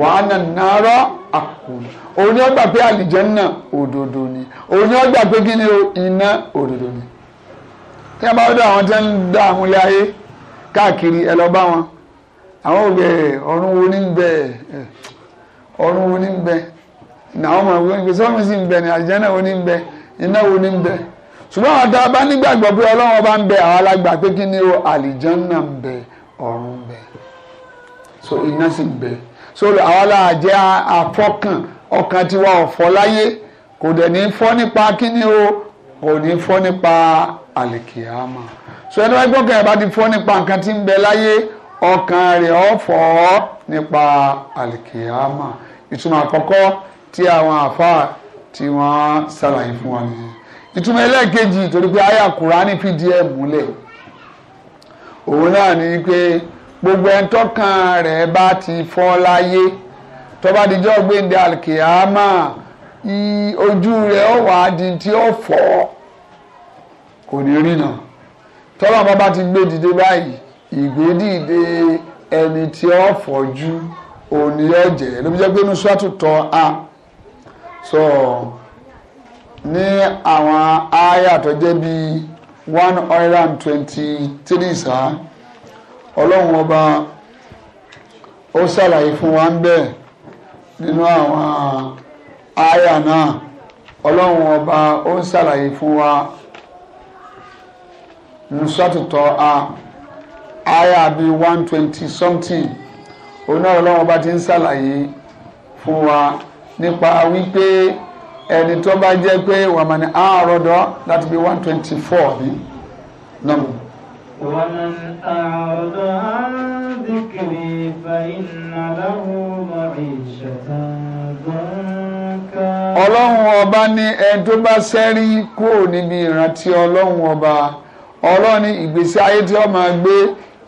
wàhánà nàárọ̀ àkùn òun ni ó gbà pé àlìjẹ́nà òdodo ni òun ni ó gbà pé kí ni iná òdodo ni tí a bá dọ̀ àwọn tí ń dá àwọn ilé ayé káàkiri ẹ lọ bá wọn àwọn òbẹ ọ̀run wo ní bẹ ọ̀run wo ní bẹ nàwọn ọmọ ìwé ìgbésẹ̀ ọmọ sì ń bẹ ní àlìjẹ́nà wo ní bẹ iná wo ní bẹ ṣùgbọ́n àwọn tá a bá nígbàgbọ́ pé ọlọ́run bá ń bẹ àwọn alágbà pé kí ni o àlìjẹ́nà ń bẹ ọ̀run bẹ so iná sì ń bẹ sórí àwa láà jẹ́ àfọkàn ọkàn tiwa ọ̀fọ́ láyé kò dẹ̀ ní fọ́ nípa kíní o kò ní fọ́ nípa àlìkìyàmà so ẹni wáyé gbọ́kàn ẹ̀ bá ti fọ́ nípa nǹkan tí ń bẹ láyé ọkàn rẹ̀ ọ̀fọ́ nípa àlìkìyàmà ìtumọ̀ àkọ́kọ́ tí àwọn àfáà tí wọ́n ṣàlàyé fún wa nìyẹn ìtumọ̀ ẹlẹ́ẹ̀kejì torí pé àyà Kùránì fìdí ẹ̀ múlẹ̀ òun náà ní pé gbogbo ẹni tọ́kàn rẹ̀ bá ti fọ́ láyé tó bá dijọ́ gbéǹde àlùkìyàmà ojú rẹ̀ ó wà á di tí ó fọ́ kò ní rí nà tọ́lá bá bá ti gbé dìde báyìí ìgbé dìde ẹni tí ó fọ́jú òní ọ̀jẹ̀ ló fi jẹ́ pé inú sọ́tù tọ́ a sọ ní àwọn àyà tó jẹ́ bíi one hundred and twenty three sáà ọlọ́run ọba ó ṣàlàyé fún wa ń bẹ̀ nínú àwọn àyà náà ọlọ́run ọba ó ń ṣàlàyé fún wa nùsọ́tìtọ́ a àyà bíi one twenty something òun náà ọlọ́run ọba ti ń ṣàlàyé fún wa nípa wípé ẹni tó bá jẹ́ pé wàmọ̀ ní àárọ̀dọ́ láti bíi one twenty four bí nọ́mbà. ومن أعرض عن ذكري فإن له معيشة ọlọ́run ọba ní ẹni tó bá ṣẹ́rí kúrò níbi ìrántí ọlọ́run ọba ọlọ́run ní ìgbésí ayé tí ó máa gbé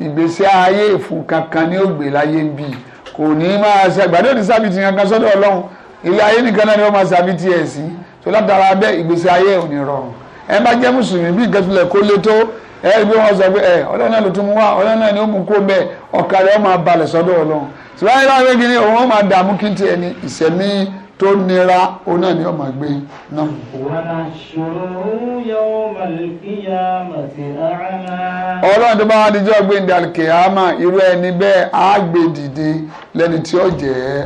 ìgbésí ayé ìfún kankan ní ògbè láyé ń bì kò ní máa ṣe àgbàdo ní sábìtì kankan sọ́dọ̀ ọlọ́run ilé ayé nìkan náà ni wọ́n máa sábìtì ẹ̀ sí tó látara bẹ́ẹ̀ ìgbésí ayé ò ní rọrùn ẹ bá jẹ́ mùsùlùmí bí ìkẹ́tùlẹ̀ kó lé tó ẹ eh, ẹ bí wọ́n sọ pé ẹ eh, ọlọ́run náà ló tún mú wá ọlọ́run náà ni ó mú kó bẹ́ẹ̀ ọkà rẹ̀ ó máa balẹ̀ sọ́dọ̀ ọlọ́run ṣùgbọ́n ìlànà òun kí n ní tó nira òun náà ni ó gbé náà. ọlọ́run irú ẹni bẹ́ẹ̀ dìde lẹ́ni tí ó jẹ́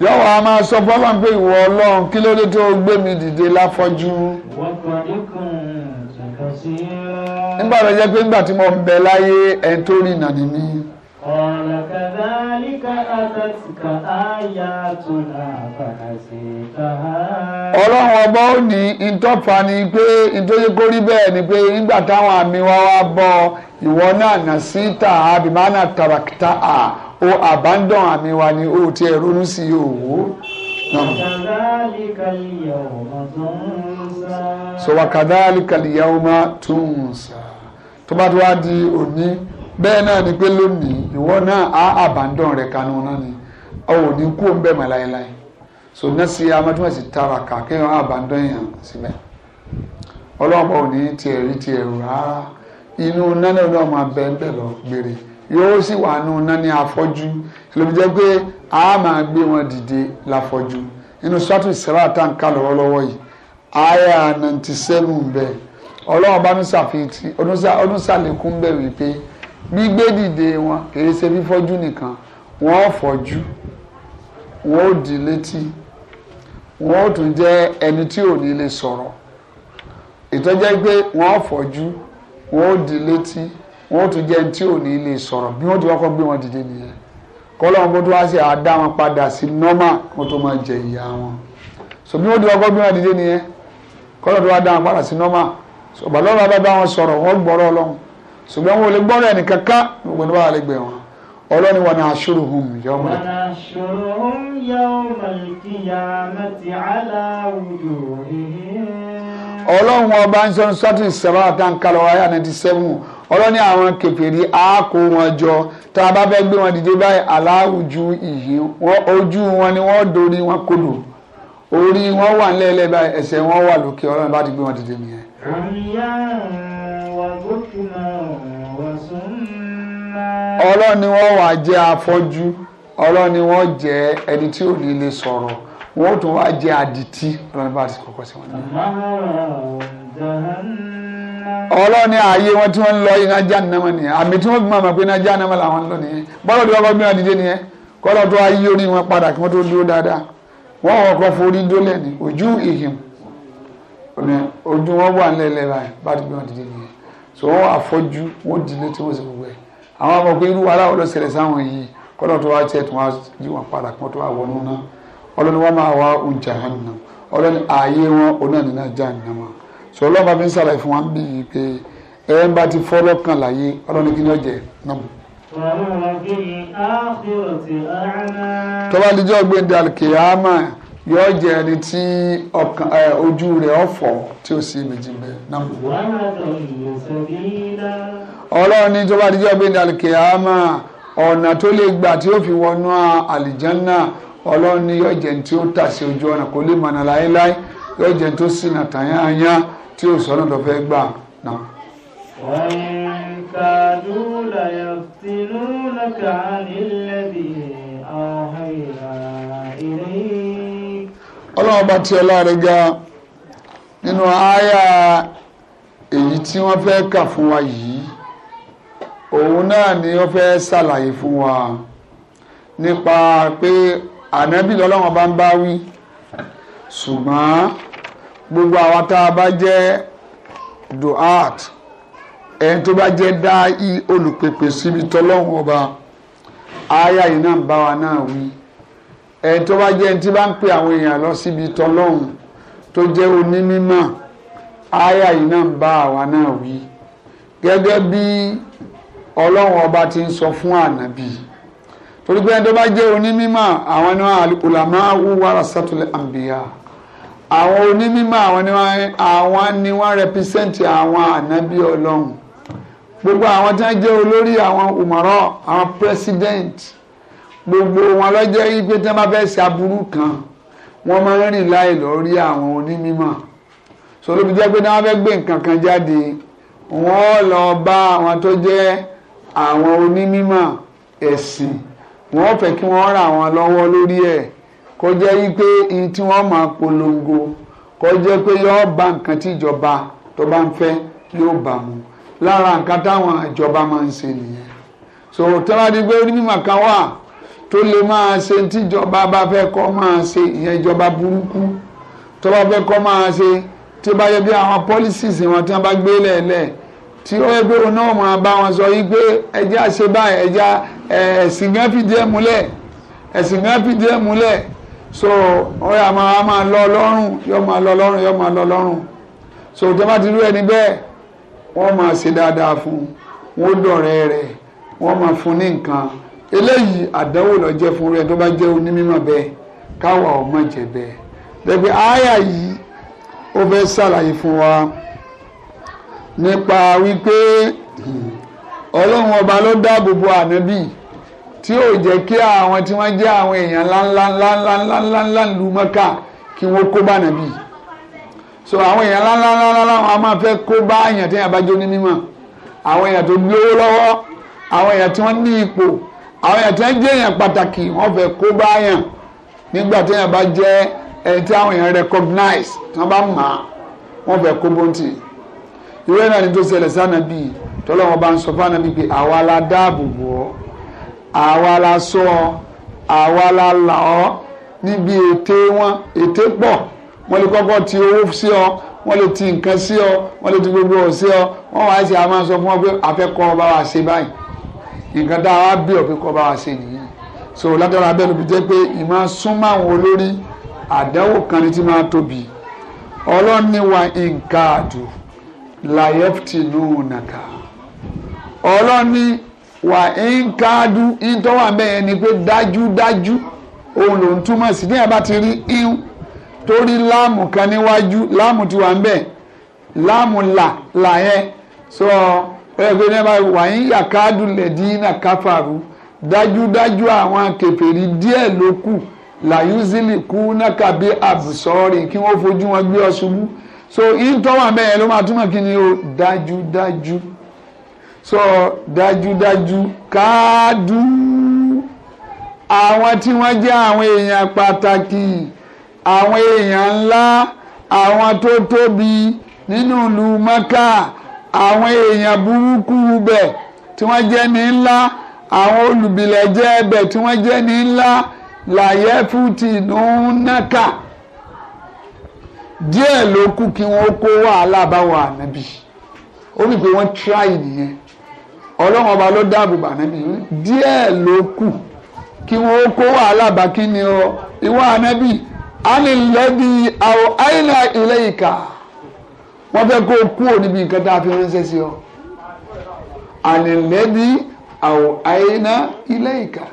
yóò a máa sọ fọlọ́n pé ìwọ ọlọ́run kí ló dé tó gbé mi dìde láfọ́jú. nígbà tó jẹ́ pé nígbà tí mo ń láyé ẹni tó rí ìnà ni mí. ní ni pé ìtọ́jú rí ni pé nígbà táwọn àmì wa wá bọ̀ ìwọ náà nà sí tàà o abandon àmì wa ni o tiẹ̀ ronú sí i òwò. so wakadhalika al-yawma tunsa tó bá tó wá di òní bẹ́ẹ̀ náà ni pé lónìí ìwọ náà á abandon rẹ̀ kanú náà ni ọ̀hún ní kú ń bẹ̀ mọ́ láéláé so nẹ́sì amadumasi tara ká kéèyàn abandon yàn síbẹ̀ ọlọ́run bá òní tiẹ̀ rí tiẹ̀ rárá inú nánà náà máa bẹ́ẹ̀ bẹ́ẹ̀ lọ gbére yóò sì wà nù náà ní afọ́jú lóbi jẹ́ pé a máa gbé wọn dìde láfọ́jú nínú sọ́tù ìsẹ́rà tá à ń kà lọ́wọ́lọ́wọ́ yìí àyà ninety seven bẹ́ẹ̀ ọlọ́run bá ń ṣàfihàn ọdúnṣàlékún bẹ̀ wípé gbígbé dìde wọn kìí ṣe fífọ́jú nìkan wọ́n fọ́jú wọ́n ò dì létí wọ́n ò tún jẹ́ ẹni tí ò ní lè sọ̀rọ̀ ìtọ́jẹ́ pé wọ́n fọ́jú wọ́n ò dì létí wọ́n tún jẹ́ tí ò ní lè sọ̀rọ̀ bí wọ́n ti wọ́n kọ́ gbé wọn dìde nìyẹn kọ́lọ́wọ́n bó tó wá sí àdá wọn padà sí nọ́mà kó tó máa jẹ ìyá wọn so bí wọ́n ti wọ́n kọ́ gbé wọn dìde nìyẹn kọ́lọ́wọ́n tó wá dá wọn padà sí nọ́mà so bàlọ́wọ́ bá bá wọn sọ̀rọ̀ wọ́n gbọ́rọ̀ ọlọ́run ṣùgbọ́n wọn ò lè gbọ́rọ̀ ẹnìkan ká gbogbo ní báwa lè gbẹ wọn ọlọ́ni wa nahshuruhum yawma al-qiyamati ala wujuhihim ọlọ́run ọba ń sọ ní sọ́tún ìṣẹ̀bá àtàǹkalọ̀ ayé ninety seven ọlọ́ni àwọn kèfèrí á kó wọn jọ tá a bá fẹ́ gbé wọn dìde báyìí aláwùjú ìhìn ojú wọn ni wọ́n dorí wọn kodò orí wọn wà nílẹ̀ báyìí ẹsẹ̀ wọn wà lókè ọlọ́run bá ti gbé wọn dìde nìyẹn. ọlọ́run ni wọ́n wà jẹ́ afọ́jú ọlọ́run ni jẹ́ ẹni tí ò ní lè sọ̀rọ̀ wọ́n tún wá jẹ́ adití ọlọ́run bá ti kọ́kọ́ sí wọn ọlọ́run ní ààyè wọn tí wọ́n ń lọ iná jahannama nìyẹn àmì tí wọ́n fi máa mọ̀ pé iná jahannama làwọn ń lọ nìyẹn bọ́lọ̀ tí wọ́n kọ́ gbìyànjú dìde nìyẹn kọ́lọ̀ tó ayé orí wọn padà kí wọ́n tó dúró dáadáa wọ́n ọkọ̀ forí dólẹ̀ ní ojú ìhìn ojú wọn wà nílẹ̀ báyìí bá ti gbìyànjú dìde nìyẹn so wọ́n àfọ́jú wọ́n dìde tí wọ́n sì gbogbo ẹ̀ àwọn ọmọ pé irú aláwọ̀ ló sọlọ́ bá fi ń sàlàyé fún wa ń bí i pé ẹ ń bá ti fọ́ lọ́kàn láyé ọlọ́ni kí ni ó jẹ náà. tọ́ba díjọ́ gbẹ̀dẹ àlùkìyàmà yóò jẹ ẹni tí ojú rẹ̀ ọ̀fọ̀ tí ó sì méjì bẹ́ẹ̀ náà. ọlọ́run ní tọ́ba díjọ́ gbẹ̀dẹ àlùkìyàmà ọ̀nà tó lè gbà tí ó fi wọnú àlìjánná ọlọ́run ní yóò jẹ ẹni tí ó tà sí ojú ọ̀nà kò lè mọ̀nà láéláé yóò jẹ ẹni tó ṣìnà tàyáyá tí ò sọ́nà tó fẹ́ gbà náà. wọ́n kàdú láyọ̀ tìlú lọ́kà nílẹ̀bí ọ̀hìnrà ìrí. ọlọ́run bá ti ọlá rẹ̀ ga nínú àyà èyí tí wọ́n fẹ́ kà fún wa yìí òun náà ni wọ́n fẹ́ ṣàlàyé fún wa nípa pé ànábì bá ń bá wí ṣùgbọ́n gbogbo àwa tá a bá jẹ́ duat ẹni tó bá jẹ́ dá i olùpèpè síbi tọ́lọ́hún ọba aya yìí náà ń bá wa náà wí ẹni tó bá jẹ́ ẹni tí bá ń pè àwọn èèyàn lọ síbi tọ́lọ́hún tó jẹ́ onímímọ́ aya yìí náà ń bá àwa náà wí gẹ́gẹ́ bí ọlọ́run ọba ti ń sọ fún ànábì torí pé ẹni tó bá jẹ́ onímímọ́ àwọn náà al-ulama wúwárà sátúlẹ̀ àǹbíyà àwọn onímọ̀ àwọn ni wọ́n àwọn ni wọ́n rẹpísẹ́ǹtì àwọn ànábì ọlọ́run gbogbo àwọn tí wọ́n jẹ́ olórí àwọn òmọ̀rọ̀ àwọn president gbogbo wọn lọ́jọ́ ìgbé tí wọ́n bá fẹ́ ṣe aburú kan wọ́n máa ń rìn láì lórí àwọn onímọ̀ sọlọ́bi jẹ́ pé tí wọ́n fẹ́ gbé nǹkan kan jáde wọ́n lọ bá àwọn tó jẹ́ àwọn onímọ̀ ẹ̀sìn wọ́n fẹ́ kí wọ́n ràn wọ́n lọ́wọ́ lórí ẹ̀ kó jẹ́ wípé n tí wọ́n máa polongo kó jẹ́ pé yóò bá nǹkan tí ìjọba tó bá ń fẹ́ yóò bá mu lára nǹkan táwọn ìjọba máa ń ṣe nìyẹn so tọ́ládé pé ní mímọ̀ kan wà tó lè máa ṣe tíjọba bá fẹ́ kó máa ṣe ìyẹn ìjọba burúkú tó bá fẹ́ kó máa ṣe tí ó bá yẹ bí àwọn policies wọn tí wọ́n bá gbé lẹ́ẹ̀lẹ́ẹ̀ tí ó yẹ pé òun náà máa bá wọn sọ yìí pé ẹja ṣe báyìí gan fìdí ẹ̀ múlẹ̀ ẹ̀sìn gan fìdí ẹ̀ múlẹ̀ so ó yà máa máa lọ lọ́rùn yóò máa lọ lọ́rùn yóò máa lọ lọ́rùn so ìjọba ti rú ẹni bẹ́ẹ̀ wọ́n máa ṣe dáadáa fún un wọ́n dọ̀rẹ́ rẹ̀ wọ́n máa fún ní nǹkan eléyìí àdánwò lọ jẹ́ fún rẹ̀ tó bá jẹ́ onímọ̀ bẹ́ẹ̀ káwa ò mọ̀ jẹ́ bẹ́ẹ̀ lẹ́gbẹ̀ẹ́ àyà yìí ó fẹ́ ṣàlàyé fún wa nípa wípé ọlọ́run ọba ló dáàbò bo ànábì tí ó jẹ́ kí àwọn tí wọ́n jẹ́ àwọn èèyàn ńláńláńláńláńláńlá lu mọ́kà kí wọ́n kó bá nàbí so àwọn èèyàn ńláńláńláńlá wọn a máa fẹ́ kó bá èèyàn tí èèyàn bá jó ní mímọ́ àwọn èèyàn tó lówó lọ́wọ́ àwọn èèyàn tí wọ́n ní ipò àwọn èèyàn tí wọ́n jẹ́ èèyàn pàtàkì wọ́n fẹ́ kó bá èèyàn nígbà tí èèyàn bá jẹ́ ẹni tí àwọn èèyàn recognize tí wọ́n bá mọ̀ á wọ́n fẹ́ kó bóńtì ìwé náà tó ṣẹlẹ̀ sánàbí tọ́lọ́wọ́n bá ń sọ fánàbí pé àwa la dáàbò bò ọ́ àwa la sọ ọ àwa la là ọ níbi ète wọn ète pọ̀ wọ́n lè kọ́kọ́ ti owó sí ọ wọ́n lè ti nǹkan sí ọ wọ́n lè ti gbogbo ọ sí ọ wọ́n wá sí àwọn sọ fún ọ pé àfẹ́kọ́ ọba wa ṣe báyìí nǹkan tá a wá bí ọ̀pẹ́ kọ́ ọba wa ṣe nìyí so látara bẹ́ẹ̀ ló fi jẹ́ pé ìmọ̀ súnmọ́ àwọn olórí àdánwò kan ní ti máa tóbi ọlọ́run nǹkan àdù làyẹ́pùtì nù nàkà ọlọ́run wà ń káádú ń tó wà bẹ́ẹ̀ ni pé dájúdájú òun lòún túmọ̀ sí ní ẹ̀bá ti rí ń torí láàmù kan níwájú láàmù ti wà ń bẹ̀ láàmù là là yẹn sọ ẹgbẹ́ ní ẹ̀bá wà ń yà káádú lẹ̀dínà káfàrú dájúdájú àwọn kèfèrí díẹ̀ ló kù làyúzílì kú nákàbí àbùsọ́ọ̀rì kí wọ́n fojú wọn gbé ọ so ń tó wà bẹ́ẹ̀ ló máa túmọ̀ kí ni o dájúdájú. Dájú so dájúdájú káádú àwọn tí wọ́n jẹ́ àwọn èèyàn pàtàkì àwọn èèyàn ńlá àwọn tó tóbi nínú ìlú mọ́kà àwọn èèyàn burúkú bẹ̀ tí wọ́n jẹ́ ní ńlá àwọn olùbìlẹ̀jẹ́ ẹbẹ̀ tí wọ́n jẹ́ ní ńlá làyẹ́ fúti nù náka díẹ̀ ló kù kí wọ́n kó wàhálà bá wà nábì ó rí i pé wọ́n tíráì nìyẹn ọlọ́run ọba ló dáàbò bà nẹ́bí díẹ̀ ló kù kí wọ́n kó wàhálà bá kí ni ọ ìwọ ànẹ́bí ánilẹ́bí àwọn àìlà ilé ìkà wọ́n fẹ́ kó kú ò níbi nǹkan tá a fi ránṣẹ́ sí ọ ànilẹ́bí àwọn àìlà ilé ìkà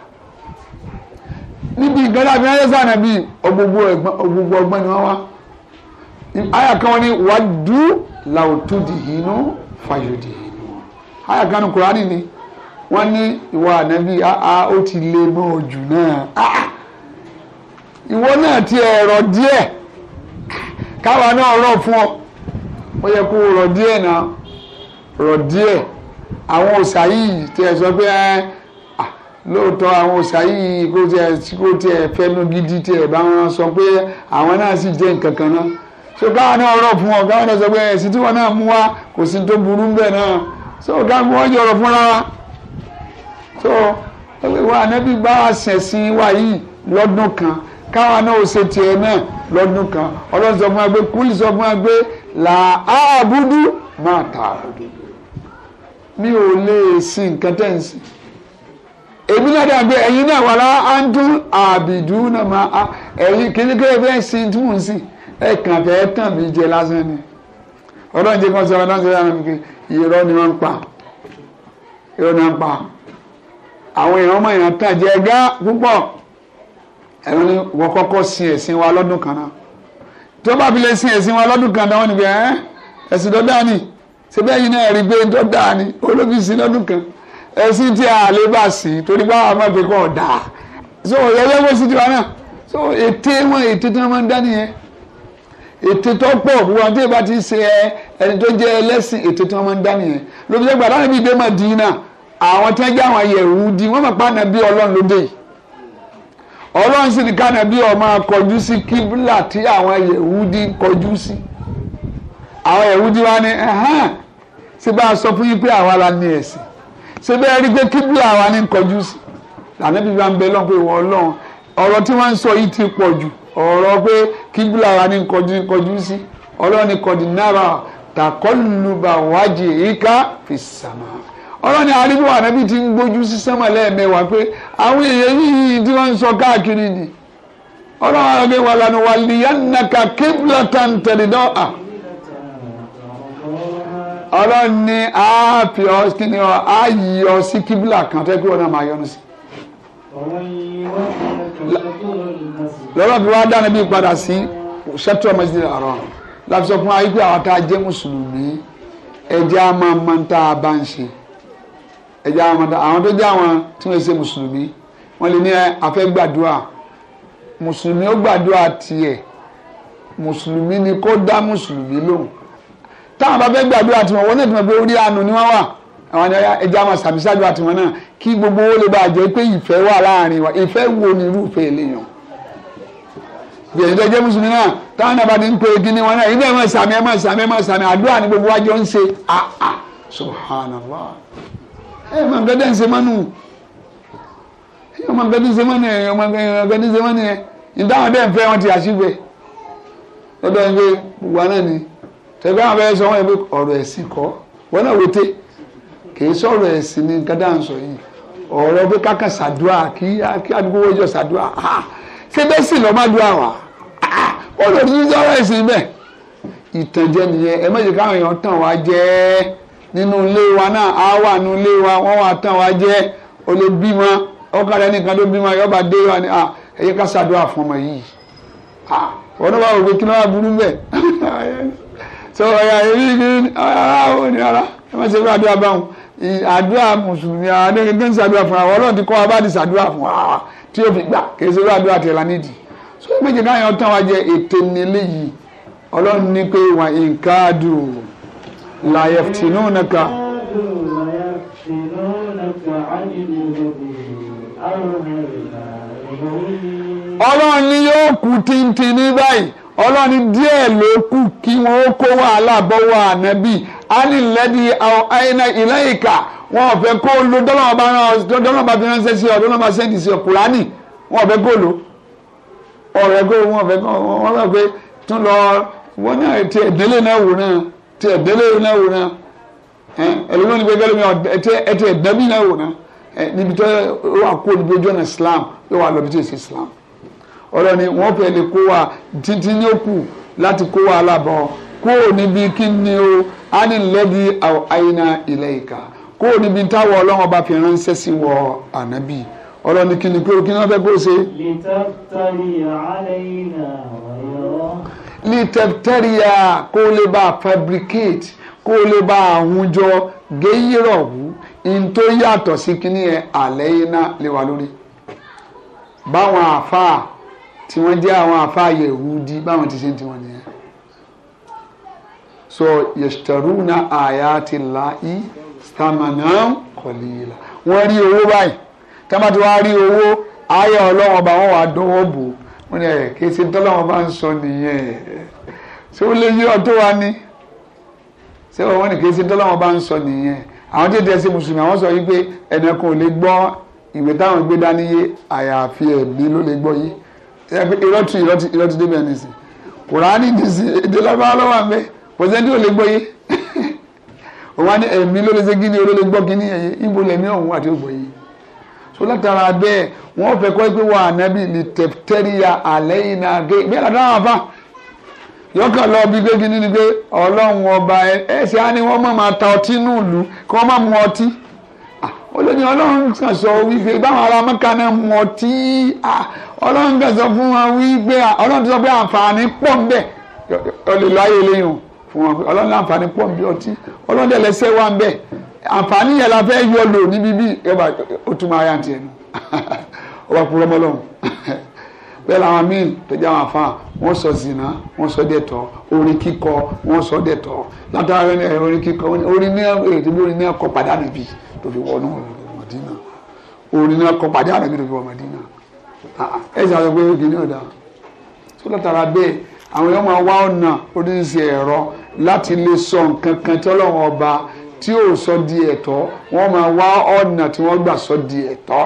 níbi nǹkan tá a fi ránṣẹ́ sí ànẹ́bí ọgbogbo ọgbọ́n ni wọ́n wá àyà kan wọn ni wàá dú làwùtúndì yìí nú àyà kanu Kùránì ni wọ́n ní ìwà ànábì àá ó ti lé mọ́ ojú náà ìwọ náà ti ẹ̀rọ díẹ̀ káwa náà rọ̀ fún ọ ó yẹ kó rọ̀ díẹ̀ náà rọ̀ díẹ̀ àwọn òòsà yìí tẹ̀ sọ pé ẹ́ lóòótọ́ àwọn òṣàyí kó tiẹ̀ kó tiẹ̀ fẹ́nu gidi tiẹ̀ bá wọn sọ pé àwọn náà sì jẹ́ nǹkan kan náà so káwọn náà rọ̀ fún ọ káwọn náà sọ pé ẹ̀sìn tí wọn náà mú wa kò sí tó burú bẹ́ẹ̀ náà so káwọn wọn jọrọ fúnra wa so wa anabi bá wa ṣẹ̀sìn wa yìí lọ́dún kan káwa náà ó ṣe tiẹ̀ náà lọ́dún kan ọlọ́run sọ fún wa pé kúlì sọ fún wa pé là á àbúdú máa tà àbúdú mi ò lè sin nǹkan tẹ̀ ń sìn èmi náà dàgbé ẹ̀yin náà wà láwọn andú àbìdú náà máa ẹ̀yin kìnnìkan ẹ̀ fẹ́ sin tí mò ń sìn ẹ̀ kàn fẹ́ tàn mí jẹ lásán ni ọlọ́run jẹ́ kan sọ̀rọ̀ náà àwọn ọmọkè irọ́ ni wọ́n ń pa irọ́ ni wọ́n ń pa àwọn èèyàn ọmọ èèyàn tàn jẹ́ gá púpọ̀ ẹ̀rọ ni wọ́n kọ́kọ́ sin ẹ̀sìn wa lọ́dún kan náà tí wọ́n bá fi lè sin ẹ̀sìn wa lọ́dún kan náà wọ́n ní bẹ́ẹ̀ ẹ́ ẹ̀sìn tó dáa ni síbẹ̀ yìí náà rí pé tó dáa ni olóbi sin lọ́dún kan ẹ̀sìn tí a lè bá sìn torí báwa máa fi kọ́ ọ̀dà so ẹ̀yẹ́ wọ́n sì ti wá náà so ète wọn ète tí wọ́n máa ń dá nìyẹn ètò tó pọ̀ wíwá tí ìbá ti ṣe ẹ ẹni tó jẹ́ ẹlẹ́sìn ètò tí wọ́n máa ń dá nìyẹn lóbi jẹ́ gbàdá níbi ìdè Mádínà àwọn tí wọ́n jẹ́ àwọn Yẹhudi wọ́n máa pa nàbí ọlọ́run lóde yìí ọlọ́run sì ní kánàbí ó máa kọjú sí kíbílà tí àwọn Yẹhudi kọjú sí àwọn Yẹhudi wa ni ṣé bá a sọ fún yín pé àwa la ní ẹ̀sìn ṣé bẹ́ẹ̀ rí pé kíbílà wa ni kọjú sí lànà ọ̀rọ̀ pé kíbúlà wa ní kọjú kọjú sí ọlọ́run ní kọjú náírà tàkọ́lùbà wájì ìka fi sàmà ọlọ́run ní arígbó ànábì ti ń gbójú sí lẹ́ẹ̀mẹ́wàá pé àwọn èèyàn yìí tí wọ́n ń sọ káàkiri ni ọlọ́run àwọn ọmọ wà lìyànnàkà kíbúlà tán à ọlọ́run ní àápì ọ́ kí ni ọ á yí sí kíbúlà kan lọ́rọ̀ bí wàá dáná bí padà sí ṣẹ́tù masjid al-haram láti sọ fún wa wípé àwọn tá a jẹ́ mùsùlùmí ẹjẹ́ a máa máa ń tá a bá ń ṣe ẹjẹ́ a máa tá àwọn tó jẹ́ àwọn tí wọ́n ṣe mùsùlùmí wọ́n lè ní afẹ́ gbàdúrà mùsùlùmí ó gbàdúrà tiẹ̀ mùsùlùmí ni kó dá mùsùlùmí lóhùn táwọn bá fẹ́ gbàdúrà tiwọn wọ́n náà ti mọ̀ pé orí àánú ni wọ́n wà àwọn ni ẹja máa ṣàbíṣájú àti wọn náà kí gbogbo owó lè bá jẹ́ pé ìfẹ́ wà láàrin wa ìfẹ́ wo ni irú ìfẹ́ eléyàn gbèyìn tó jẹ́ mùsùlùmí náà táwọn náà bá ti ń pe kíní wọn náà ilé ẹ̀mọ́ sàmì ẹ̀mọ́ sàmì ẹ̀mọ́ sàmì àdúrà ni gbogbo àjọ ń ṣe àà subhanallah ẹ̀ máa ń gẹ́dẹ́ ń ṣe mọ́nù ẹ̀ máa ń gẹ́dẹ́ ń ṣe mọ́nù ẹ̀ ọmọ gẹ́dẹ́ ń ṣe mọ́nù ẹ̀ ìdáhùn dẹ́ ń fẹ́ wọn ti àṣìgbè lọ́dọ̀ kì í sọ̀rọ̀ ẹ̀sìn ní gádà ń sọ yìí ọ̀rọ̀ pé kákan ṣàdúrà kí àdúgbò wọ́jọ́ ṣàdúrà ṣé bẹ́ẹ̀ sì lọ́ọ́ má dúrà wá ọ̀rọ̀ tí ń sọ̀rọ̀ ẹ̀sìn bẹ́ẹ̀ ìtànjẹ nìyẹn ẹ méjì káwọn èèyàn tàn wá jẹ nínú ilé wa náà á wà nínú ilé wa wọ́n wà tàn wá jẹ olè bímọ nìkan ló bímọ yọba dé wa ni ẹ ká ṣàdúrà fún ọmọ yìí wọn náà wò pé kí ló wà burú bẹ́ẹ̀ so ya èyí ni ara ò ní ara ẹ má ṣe fún àdúrà báwọn àdúrà mùsùlùmí adéhùn tó ń ṣàdúrà fún wa ọlọ́run ti kọ́ wa bá fún wa tí yóò fi gbà kì í àdúrà tiẹ̀ nídìí so ẹ méjì káyọ̀ tán wa jẹ ètè nílé yìí ọlọ́run ní pé wà nǹkan dùn làyẹ̀tìnú nàkà. ọlọ́run ni yóò kú tìǹtìǹ ní báyìí ọlọ́ni díẹ̀ ló kù kí wọ́n ó kó wàhálà bọ́wọ́ ànábì ánìlẹ́dí àìná ìlẹ́yìká wọn ò fẹ́ kó lo dọ́lọ́mọba dọ́lọ́mọba fi ránṣẹ́ sí ọ dọ́lọ́mọba sẹ́ǹdì sí ọ kùránì wọn ò fẹ́ kó lo ọ̀rẹ́ kó wọn ò fẹ́ kó wọn rẹ̀ pé tún lọ wọn náà ti ẹ̀dẹ́lẹ̀ náà wò náà ti ẹ̀dẹ́lẹ̀ náà wò náà ẹlòmíràn ní pẹ́ẹ́lú mi ẹ̀tẹ̀ ẹ̀dẹ́bí náà wò náà níbi tó wà kó níbi ojú ọ̀nà Islam yóò wà lọ bí tó ṣe Islam ọlọ́ni wọ́n fẹ́ lè kó wa títí ní òkú láti kó wa alábọ̀ kúrò níbi kí ni o á ní lẹ́bi àìna ilẹ̀ ìka kúrò níbi táwọn ọlọ́run ọba fi ránṣẹ́ sí wọ ànábì ọlọ́ni kí ni pé kí ni wọ́n fẹ́ kó ṣe. litẹ̀tẹ̀ríà kó lè bá fabricate kó lè bá àwùjọ géyìrọ̀wù in tó yàtọ̀ sí kí ni ẹ̀ àlẹ́ yìí náà lè wà lórí báwọn àfáà tí wọ́n jẹ́ àwọn àfáàyè ìwúdi báwọn ti ṣe ń tiwọn nìyẹn so yẹsitẹruna ayati lahi stamanam kọlila wọ́n rí owó báyìí tábàtí wọ́n á rí owó ayé ọlọ́wọ́n ọba wọn wà á dánwó bò wọ́n ní ẹ̀ kí ṣe tọ́lọ́wọ́n bá ń sọ nìyẹn ṣé ó lè yí ọtọ́ wa ni ṣé wọ́n ní kí ṣe tọ́lọ́wọ́n bá ń sọ nìyẹn àwọn tí tẹ̀sí mùsùlùmí àwọn sọ yìí pé ẹnìkan ò lè gbọ́ ìwé táwọn gbé dání yé àyàfi ẹ̀mí ló lè gbọ́ yìí ìrọ́tù ìrọ́tù ìrọ́tù dé bẹ́ẹ̀ nìsín kùránì nìsín èdè lábáwá lọ́wọ́ àmì pọ̀sẹ́ntì ò lè gbóyè òun á ní ẹ̀mí ló lè ṣe kí ni olólè gbọ́ kí ni ẹ̀yẹ ibo lẹ̀mí ọ̀hún àti ògbóyè so látara bẹ́ẹ̀ wọ́n fẹ́ kọ́ pé wà ànábì ní tẹ̀tẹ́ríya àlẹ́ iná gé bí ẹ̀rọ dáhùn afá yọkàn lọ bí gbégi ní ni pé ọlọ́run ọba ẹ̀ ẹ̀ ṣe á ní wọ́n mọ̀ máa ta ọtí nù lù kí wọ́n má mu ọtí olóyìn ọlọ́run kan sọ wípé báwọn ará mọ́ká náà mọ̀ tí ọlọ́run kan sọ fún wọn wípé ọlọ́run sọ pé àǹfààní pọ̀ ń bẹ ọ lè lọ ayé eléyìí o fún wọn pé ọlọ́run àǹfààní pọ̀ ń bẹ ọtí ọlọ́run dẹ̀ lẹ́sẹ̀ wà ń bẹ àǹfààní yẹn la fẹ́ yọ lò níbi bí ẹ̀bà ó tún máa yá tiẹ̀ nù ọba kúrọ́ mọ́ lọ́hùn bẹ́ẹ̀ làwọn míì tó jẹ́ àwọn àfáà wọ́n sọ zina wọ́n sọ dẹ̀ tọ́ orin kíkọ wọ́n sọ dẹ̀ tọ́ látara orin kíkọ orin ní ẹ̀kọ́ padà níbi tó fi wọnú Madina orin náà kọ pàdé àrẹ̀bí tó fi wọ Madina ẹ̀sìn àti ọgbẹ́ ògì náà dá tó látara bẹ́ẹ̀ àwọn èèyàn máa wá ọ̀nà oríṣi ẹ̀rọ láti lè sọ nǹkan kan tí ọlọ́run ọba tí ò sọ di ẹ̀tọ́ wọ́n máa wá ọ̀nà tí wọ́n gbà sọ di ẹ̀tọ́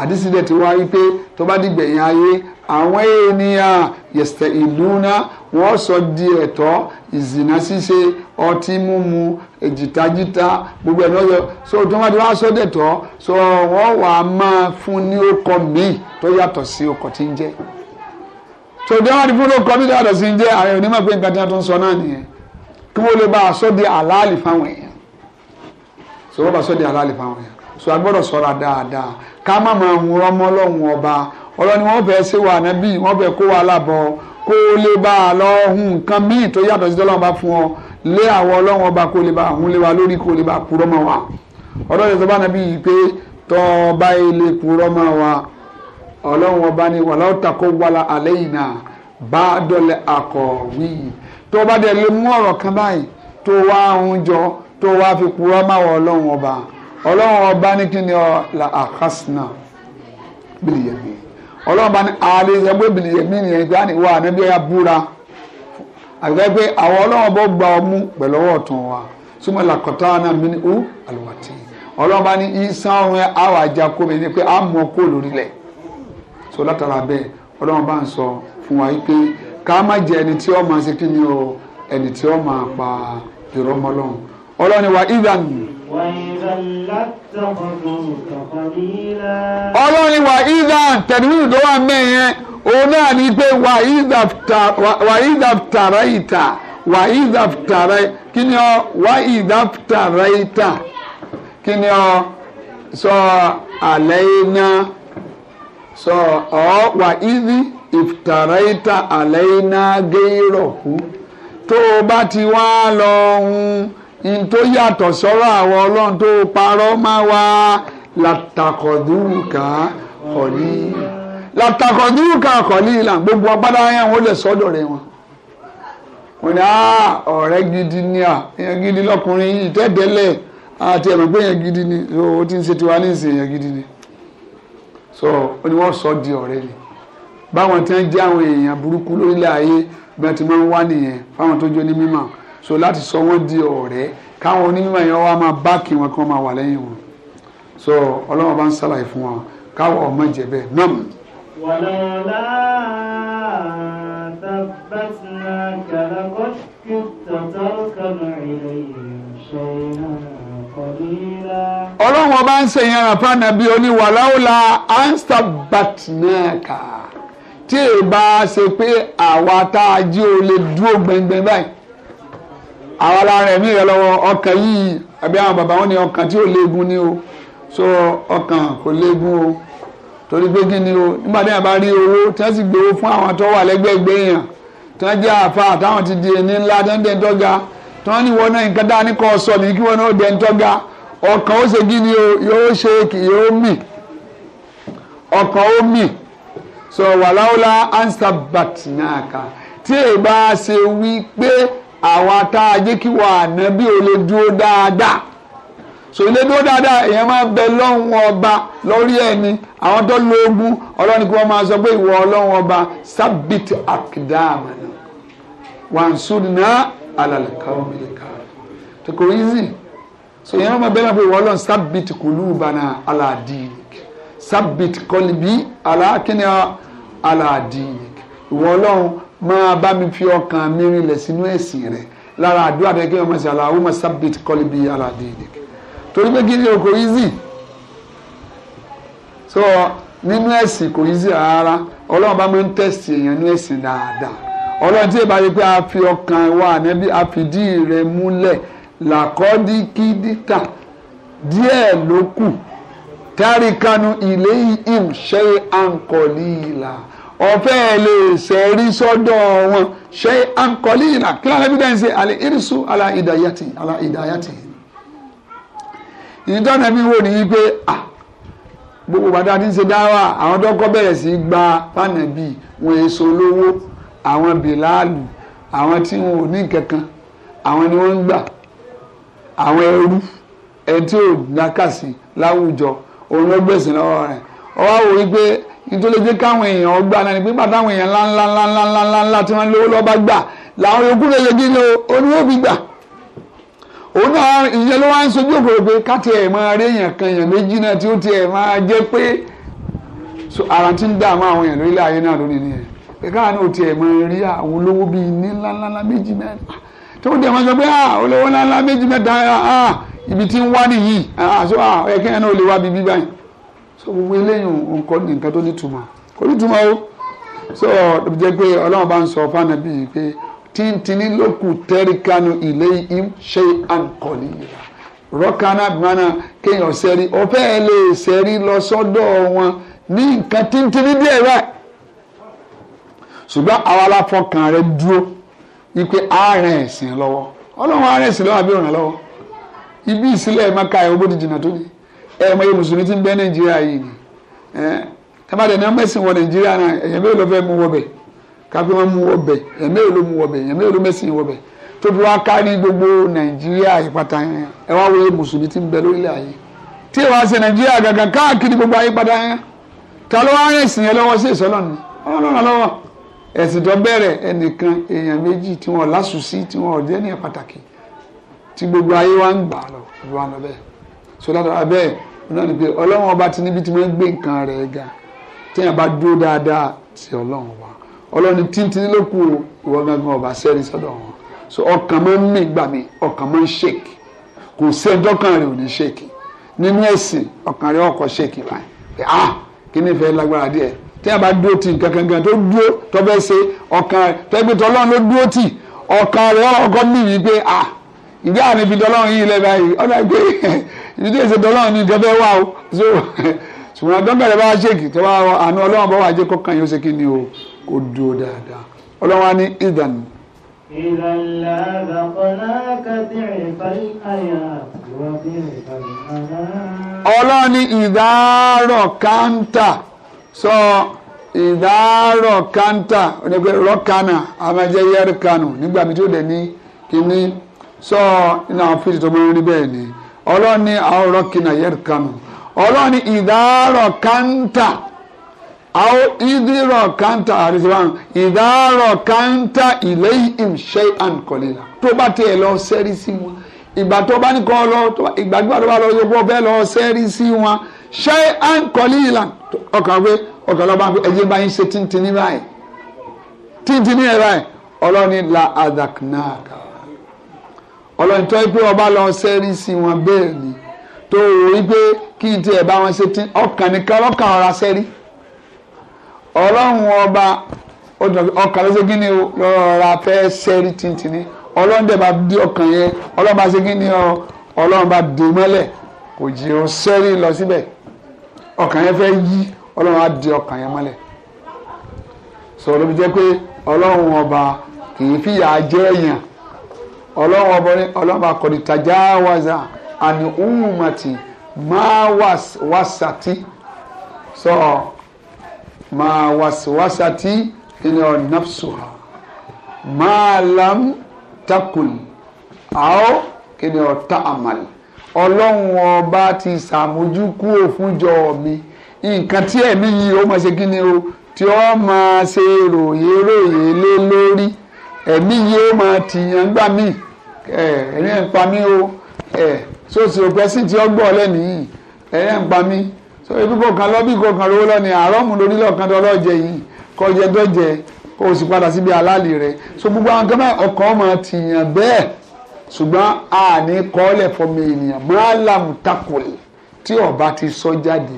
àdísídẹ̀ tí wọ́n pé tó bá dìgbẹ̀yìn ayé àwọn ènìyàn yẹsẹ ìlúna wọn sọ di ẹ̀tọ́ ìzìnà ṣíṣe ọtí mímu èjìtájítá gbogbo ẹni ọyọ so tí wọn bá sọ dẹtọ so wọn wà á máa fún ní ọkọ míì tó yàtọ̀ sí ọkọ tí ń jẹ so tí wọn ti fún ní ọkọ míì tó yàtọ̀ sí ń jẹ àwọn ènìyàn máa pé nǹkan tí wọn tó ń sọ náà nìyẹn kí wọn lè bá a sọ di àlàálì fáwọn èèyàn so wọn bá sọ di àlàálì fáwọn èèyàn so a gbọ́dọ̀ ṣọ́ra dáadáa ká má máa hun ọmọ Ọlọ́run ọba ọ̀rọ̀ ni wọ́n fẹ́ẹ́ ṣe wa nábì wọ́n fẹ́ẹ́ kó wa lábọ̀ kó o lè bá a lọ hun nǹkan míì tó yàtọ̀ sí tọ́lọ́run bá fún ọ lé àwọn ọlọ́run ọba kó lè bá hun lé wa lórí kó lè bá purọ́ mọ́ wa ọ̀rọ̀ yẹn sọ bá nábì yìí pé tọ́ ọba ilé purọ́ mọ́ wa ọlọ́run ọba ni wàlá ọ̀tàkọ́ wàlá àlẹ́ yìí náà bá dọ̀lẹ́ àkọ̀wé yìí tó bá dẹ̀ lè mú ọ̀rọ̀ kan báyìí tó wá ń jọ tó wá fi purọ́ wa ọlọ́run ọba ọlọ́run ọba ní kí ni ọ la àkásínà bíi yẹn ọlọ́run bá ní alẹ́ sọ pé bìlì yẹmí nìyẹn pé àní wà níbi ẹ̀yà búra àgbẹ̀ pé àwọn ọlọ́run bó gba ọmú pẹ̀lú ọwọ́ ọ̀tún wa súnmọ́ làkọ̀tà náà mi ní ó àlùwàtì ọlọ́run bá ní isan ọ̀run ẹ̀ àwọn àjà kó mi ní pé à ń mọ kó lórí lẹ̀ so látara bẹ́ẹ̀ ọlọ́run bá ń sọ fún wa pé ká má jẹ ẹni tí ó máa ṣe kí ni o ẹni tí ó máa pa ìrọmọlọ́run ọlọ́run wa ivan ọlọ́ni wà ìdá tẹ̀lifíṣù tó wà mẹ́yẹn òun náà ní pé wà ìdá tààrà ìta wà ìdá tààrà kí ni ọ wà ìdá tààrà ìta kí ni ọ sọ àlẹ́ iná sọ ọ wà ìdí ìtàrà ìta àlẹ́ iná géèrò kú tó o bá ti wá lọ ń n tó yàtọ̀ sọ́rọ̀ àwọn ọlọ́run tó parọ́ máa wá látàkọ̀dúkà kọ̀ní látàkọ̀dúkà kọ̀ní ìlànà gbogbo agbádá yẹn wọn lè sọ́dọ̀ rẹ wọn. wọn ní ah, ọ̀rẹ́ gidi ni à èèyàn gidi lọkùnrin yìí àti ẹ̀rọ pé èèyàn gidi ni ó ti ń ṣe tiwa ní ìsìn èèyàn gidi ni. sọ ó ní wọ́n sọ di ọ̀rẹ́ ni báwọn tí wọ́n jẹ́ àwọn èèyàn burúkú lórílẹ̀ ayé bí wọ́n ti máa ń wá nìyẹn fáwọn tó jó ní mímọ́ so láti sọ wọ́n di ọ̀rẹ́ káwọn onímọ̀ yẹn wá máa báàkì wọn kí wọ́n máa wà lẹ́yìn wọn so ọlọ́wọ́n bá ń sàlàyé fún wọn káwọn ọmọ jẹ bẹ́ẹ̀ nọ́ọ̀mù. wàlọ́lá ثبتناك لقد كنت تركن إليهم شيئا ọlọ́run ọba ń ṣe ìyẹn àpá nàbí oníwàláwòlá anstabatnaka tí èèbá ṣe pé àwa tá a jí o lè dúró gbẹngbẹng báyìí àwa lára ẹ̀mí rẹ lọ́wọ́ ọkàn yìí àbí àwọn bàbá wọn ni ọkàn tí ò léegun ni o so ọkàn kò léegun o torí pé kí ni o nígbà tí wọn bá rí owó tí wọn sì gbowó fún àwọn tó wà lẹ́gbẹ̀ẹ́gbẹ́ èèyàn tí wọn jẹ́ àfa àtàwọn ti di ẹni ńlá tí wọn dẹ̀ ń tọ́ga tí wọn ní wọn náà nǹkan dáa ní sọ ní kí wọn náà dẹ̀ ń tọ́ga ọkàn ó ṣe kí ni o yóò ṣe kì yóò mì ọkàn ó mì so wàláwùlá ansa bàtìnàkà tí èèbá ṣe wí pé àwa tá a jẹ́ kí wà ànábì ò dáadáa so ilé dúró dáadáa èèyàn máa bẹ lọ́hùn ọba lórí ẹni àwọn tó lo ogun ọlọ́ni kí wọ́n máa sọ pé ìwọ ọlọ́hùn ọba sabit akdama wansurna alalakawo milika tòkò easy so èèyàn máa bẹ lọ́hùn pé ìwọ ọlọ́hùn sabit kulubana aladinik sabit kọlbi alakini aladinik ìwọ ọlọ́hùn máa bá mi fi ọkàn mi rinlẹ̀ sínú ẹ̀sìn rẹ̀ lára àdúrà rẹ̀ kí wọ́n máa ṣe Allahumma sabbit qalbi ala dinik torí pé kí ni o kò so nínú ẹ̀sìn kò easy rárá ọlọ́run bá máa ń test èèyàn nínú ẹ̀sìn dáadáa ọlọ́run tí ìbá yẹ pé a fi ọkàn wa ànábì a fi dí rẹ̀ múlẹ̀ làkọ́díkídítà díẹ̀ ló kù tárìkanu ìléyìí im ṣe àǹkọ̀lì ìlà ọ̀fẹ́ lè sẹ́rí sọ́dọ̀ wọn ṣe àǹkọ́lì ìlà kí lóun evidence àlẹ́ irisu àlà ìdàyàtì àlà ìdàyàtì. ìdánwò mi wò ní pé gbogbo bàtà tí ń ṣe dáwà àwọn dọ́kọ́ bẹ̀rẹ̀ sí gba fànàbí wọn èso lówó àwọn bìláàlù àwọn tí wọn ò ní kankan àwọn ni wọ́n ń gbà àwọn ẹrú ẹni tí ò lákàsí láwùjọ òun ló gbèsè lọ́wọ́ rẹ̀ ọwọ́ wò wípé nítorí pé káwọn èèyàn gbà náà ni pé bàtà àwọn èèyàn ńlá ńlá ńlá ńlá ńlá ńlá tí wọ́n lówó lọ́ọ́ bá gbà làwọn yòókù rẹ̀ lè gbìyànjú oníwó fi gbà òun náà ìyẹn ló wá ń sojú òkòrò pé káti ẹ̀ máa rí èèyàn kan èèyàn méjì náà tí ó ti ẹ̀ máa jẹ́ pé ara ti ń dààmú àwọn èèyàn lórílẹ̀ ayé náà lónìí nìyẹn pé káwọn náà ti ẹ̀ máa rí àwọn olówó bíi ní ńláńlá méjì mẹ́ta tó dẹ̀ máa sọ pé ah, olówó ńláńlá méjì mẹ́ta ah, ibi tí ń wá nìyí ah, ẹ̀kẹ́ náà ò lè wá bíbí báyìí so gbogbo eléyìí nǹkan ní nǹkan tó nítumọ̀ kò nítumọ̀ o so ọ̀dọ̀ jẹ́ pé ọlọ́run bá ń sọ fáwọn ẹbí yìí pé tíntìní ló tẹ́ríkanu ilé im ṣe àǹkọ̀lì yìí rọ́kànnà bìmọ́nà kéèyàn sẹ́rí ọ̀fẹ́ ẹ lè sẹ́rí lọ sọ́dọ̀ wọn ní nǹkan tíntìní díẹ̀ rẹ̀ ṣùgbọ́n àwa aláfọkàn rẹ dúró wípé ààrẹ ẹ̀sìn lọ́wọ́ ọlọ́run ààrẹ ẹ̀sìn lọ́wọ́ àbí òràn lọ́wọ́ ibi ìsílẹ̀ mẹ́ka ẹ̀ owó ti jìnnà tó ní ẹ mọ iye mùsùlùmí tí ń bẹ nàìjíríà yìí ni ẹ má dẹ̀ ní mẹ́sìn wọ nàìjíríà náà ẹ̀yẹ́ mélòó ló fẹ́ mú wọbẹ̀ káfí wọn mú wọbẹ̀ ẹ̀yẹ́ mélòó ló mú wọbẹ̀ ẹ̀yẹ́ mélòó ló mẹ́sìn wọbẹ̀ tó fi wá kárí gbogbo nàìjíríà ìpàtà yẹn ẹ wá wo iye mùsùlùmí tí ń bẹ lórílẹ̀ ayé tí ìwà ṣe nàìjíríà gàgà káàkiri gbogbo ayé padà yẹn ta ló wá sìn yẹn lọ́wọ́ sí ìsọ́lọ̀ ni ọlọ́run lọ́wọ́ ẹ̀sìn tó bẹ̀rẹ̀ ẹnìkan èèyàn méjì tí wọ́n lásùsí tí wọ́n ọ̀dẹ́ ní pàtàkì tí gbogbo ayé wa ń gbà lọ gbogbo wa lọ bẹ́ẹ̀ so látara bẹ́ẹ̀ náà ni pé ọlọ́run ọba ti níbi tí wọ́n gbé nǹkan rẹ̀ ga téèyàn bá dúró dáadáa sí ọlọ́run ọba ọlọ́run ní tíntín ló kù ìwọ gángan ọba sẹ́ni sọ́dọ̀ wọn so ọkàn máa ń mì gbà mí ọkàn máa ń ṣèkì kò sí ẹjọ́ kan rẹ̀ ò ní ṣèkì nínú ẹ̀sìn ọkàn rẹ̀ ọkọ̀ ṣèkì báyìí pé ah kí ni ìfẹ́ lágbára díẹ̀ téèyàn bá dúró tì nǹkan kankan tó dúró tó fẹ́ ṣe ọkàn rẹ̀ tẹ́gbẹ́ ah, ọlọ́run ló ìdí èsè tọ́lọ́run ní ìjọba ẹ wá o so ṣùgbọ́n dọ́gbẹ̀rẹ̀ bá ṣèkì tó bá àánú ọlọ́run bá wà jẹ́ kọ́kàn yóò ṣe kí ni o kò dúró dáadáa ọlọ́run á ní ìdàn. ìlànà àgbàkọ́lá kàtìrì fàyè àyà wọ́n fi rìn fàyè àná. ní ìdárọ̀ káńtà sọ ìdárọ̀ káńtà onígbẹ́ rọ́kánà àmọ́jẹ́ yẹ́rìkánù nígbà mi tí ó dẹ̀ ní kíní sọ iná fíìsì tó máa ń rí bẹ́ẹ̀ ni. So, ọlọ́run ní àwòrán kìnà yẹn kanu ọlọ́run ní ìdárọ̀ kántà àwọn ìdírọ̀ kántà àrísíwáhùn ìdárọ̀ kántà ilé ìṣe àǹkọ̀lélà tó bá tiẹ̀ lọ sẹ́rí sí wọn ìgbà tó bá ní kọ́ lọ ìgbàgbọ́ tó bá lọ yọ bọ́ bẹ́ẹ̀ lọ sẹ́rí sí wọn ṣe àǹkọ̀lélà ọkàn pé ọkàn lọ́ba ẹ̀jẹ̀ bá yín ṣe tíntìní báyìí tíntìní ẹ̀ báyìí ọlọ́run ní la adaknaka ọlọ́run tó yẹ pé ọba lọ sẹ́rí sí wọn bẹ́ẹ̀ ni tó wò ó pé kí n tiẹ̀ bá wọn ṣe tí ọkàn nìkan lọ́kàn ọ̀ra sẹ́rí ọlọ́run ọba ọkàn ló ṣe kí ni lọ́ra fẹ́ sẹ́rí tìǹtìní ọlọ́run dẹ̀ bá di ọkàn yẹn ọlọ́run bá ṣe kí ni ọlọ́run bá dè mọ́lẹ̀ kò jẹ́ ó sẹ́rí lọ síbẹ̀ ọkàn yẹn fẹ́ yí ọlọ́run á di ọkàn yẹn mọ́lẹ̀ sọ̀rọ̀ bí jẹ́ pé ọlọ́run ọba kì í fìyà jẹ́ èèyàn ọlọ́run ọbọ̀rẹ́ ọlọ́run akọ̀dì tajáwáza àní umumati máa wàsàtì sọ máa wàsàtì ìní ọ̀nàfṣùhà máa lam takùn àó ìní ọ̀tá àmàlì ọlọ́run ọba ti sàmójúkú òfúnjọ mi nǹkan tí ẹ̀mí yìí ó máa ṣe kí ni o tí ó máa ṣe ròyé ròyé lé lórí ẹ̀mí yìí ó máa tìyàn gbà mí ẹ̀rẹ́ ń pa mí o sóòsì òpẹ́sì tí ó gbọ́ lẹ́nìí ẹ̀rẹ́ ń mí so ebi kò kan lọ́bí kò kan lówó lọ́ni àrọ́mù lórí lọ́kàn tó lọ́jẹ yìí kọjẹ dọ́jẹ kó o sì padà síbi àlàlì rẹ so gbogbo àwọn kẹ́mẹ́ ọkọ̀ máa tìyàn bẹ́ẹ̀ ṣùgbọ́n àní kọ́lẹ̀ fọmọ ènìyàn mọ́àlámù takòlè tí ọba ti sọ jáde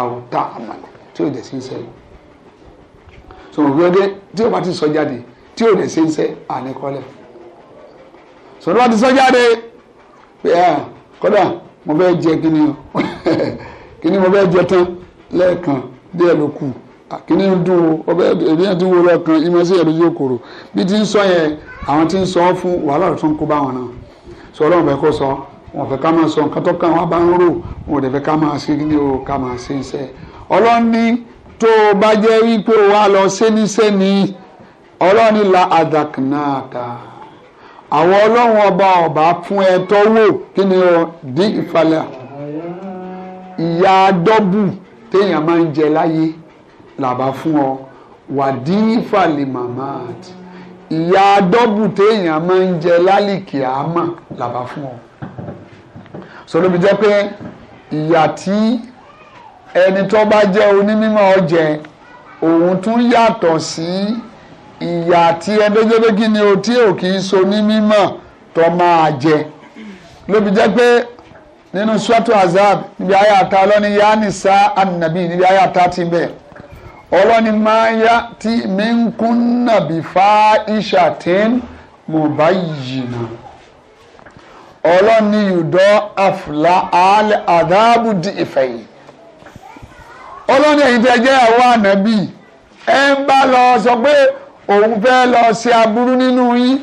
àwòtá àmàlà tí ò dẹ̀ sí sẹ́yìn so òbí ọdẹ tí ọba tí ò ní ṣe ń ṣe àníkọ́lẹ̀ sọ̀rọ̀ bá ti sọ jáde pé ẹ kódà mo fẹ́ jẹ kíni o kíni mo fẹ́ jẹ tán lẹ́ẹ̀kan díẹ̀ ló kù kíni ń dùn o ọbẹ̀ èmi àti wọlé ọkàn ìmọ̀sí ẹ̀rọ yóò kòrò bí ti ń sọ yẹn àwọn ti ń sọ fún wàhálà tó ń kó bá wọn náà sọ ọlọ́run fẹ́ kó sọ wọn fẹ́ ká máa sọ nǹkan tó kàn wá bá ń rò wọn ò dẹ̀ ká máa ṣe kíni o ká máa ṣe iṣẹ́ ọlọ́run ní tó bá jẹ́ wípé o lọ ṣe Seni, ọlọ́run la adaknaka àwọn ọlọ́run ọba ọba fún ẹ tọ́wọ́ kí ni ọ di ìfalẹ̀ ìyá dọ́bù téèyàn máa ń jẹ láyé làbá fún ọ wà di ìfalẹ̀ màmá àti ìyá dọ́bù téèyàn máa ń jẹ lálìkì àmà làbá fún ọ sọlọ́bi jẹ́ pé ìyà tí ẹni tó bá jẹ́ onímọ̀ ọ̀jẹ̀ òun tún yàtọ̀ sí. Si, ìyà tí ẹdẹjẹdẹ kí ni o tí ò kì í so ní mímọ̀ tó máa jẹ lóbi jẹ́ pé nínú sọ́tò azab níbi ayé ata ọlọ́ni yá ní sá ànàbí níbi ayé ata ti bẹ̀ ọlọ́ni máa yá tí mi ń kún nàbí fa ìṣàtín mo bá yìí nà ọlọ́ni yùdọ́ àfúlà àálẹ̀ àdáàbù di ìfẹ̀ ọlọ́ni ẹ̀yin tẹ́ jẹ́ àwọn ànàbí ẹ̀ ń bá lọ sọ pé òun fẹ́ lọ ṣe aburú nínú yín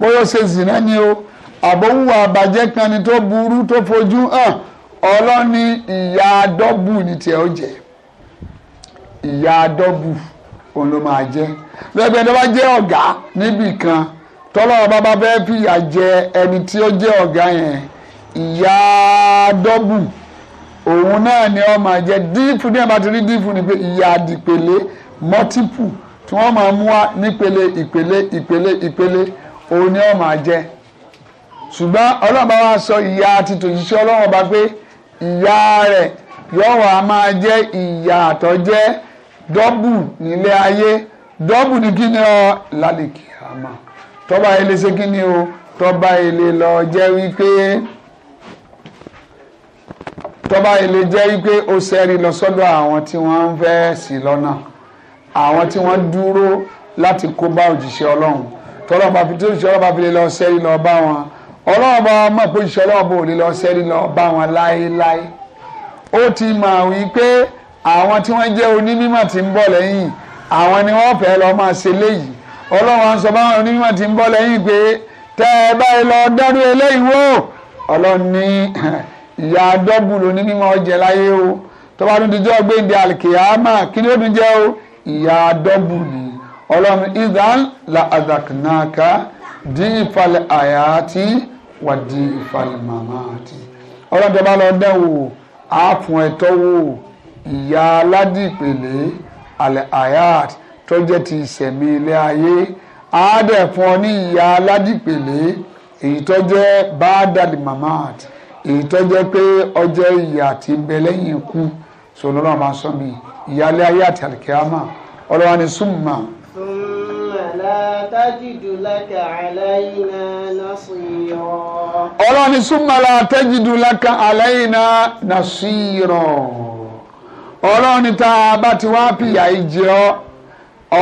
bóyá ṣe zìnà ni o àbòwúwà àbàjẹ́ kan ni tó burú tó fojú hàn ọlọ́ni ìyá dọ́bù ni tiẹ̀ ó jẹ́ ìyá dọ́bù òun ló máa jẹ́ lẹ́gbẹ̀ẹ́ tó bá jẹ́ ọ̀gá níbì kan tọ́lọ́wọ́ bá bá fẹ́ fìyà jẹ ẹni tí ó jẹ́ ọ̀gá yẹn ìyá dọ́bù òun náà ni ó máa jẹ́ díìpù ní ẹ̀ bá ti rí díìpù ni pé ìyá àdìpẹ̀lẹ́ mọ́típù tí wọ́n máa mú wá nípele ìpele ìpele ìpele òun ni wọ́n máa jẹ ṣùgbọ́n ọlọ́run bá wá sọ ìyà àti tòṣìṣẹ́ ọlọ́run bá pé ìyà rẹ̀ yóò wá máa jẹ́ ìyà àtọ́ dọ́bù nílé ayé dọ́bù ní kí ni ọ lálìkì àmà tọ́ba ilé ṣe kí ni o tọ́ba ilé lọ jẹ́ wípé tọ́ba ilé jẹ́ wípé ó ṣẹ́rí lọ sọ́dọ̀ àwọn tí wọ́n ń fẹ́ sí lọ́nà àwọn tí wọ́n dúró láti kó bá òjíṣẹ́ ọlọ́run tọ́lọ́ bá fi tó òjíṣẹ́ ọlọ́run bá fi lè lọ sẹ́rí lọ bá wọn ọlọ́run bá wọn mọ̀ pé òjíṣẹ́ ọlọ́run bò lè lọ sẹ́rí lọ bá wọn láéláé ó ti mọ̀ wí pé àwọn tí wọ́n jẹ́ onímọ̀ tí ń bọ̀ lẹ́yìn àwọn ni wọ́n fẹ́ lọ máa ṣe léyìí ọlọ́run á sọ báwọn onímọ̀ tí ń bọ̀ lẹ́yìn pé tẹ́ ẹ báyìí lọ dárú eléyìí wò ọlọ́run ìyá dọ́bù ni ọlọ́run idan la azaknaka dín ìfalẹ̀ àyà tí wà dín ìfalẹ̀ màmá àti ọlọ́run tó bá lọ dán wò á fún ẹ tọ́wò ìyá aládìpele àlẹ́ àyà tó jẹ́ ti ìṣẹ̀mí ilé ayé á dẹ̀ fún ọ ní ìyá aládìpele èyí tó jẹ́ bá màmá àti èyí tó jẹ́ pé ọjọ́ ìyà ti bẹ lẹ́yìn ikú sọlọ́run máa sọ mi ìyálé ayé àti àlìkíyàmà ọlọ́wà ni súnmà. súnmà látàjìdù lákà àláyìnà nàṣìírọ̀. ọlọ́wà ni súnmà látàjìdù lákà àláyìnà nàṣìírọ̀. ọlọ́wà ni tá a bá ti wá pìyà ìjẹ́ ọ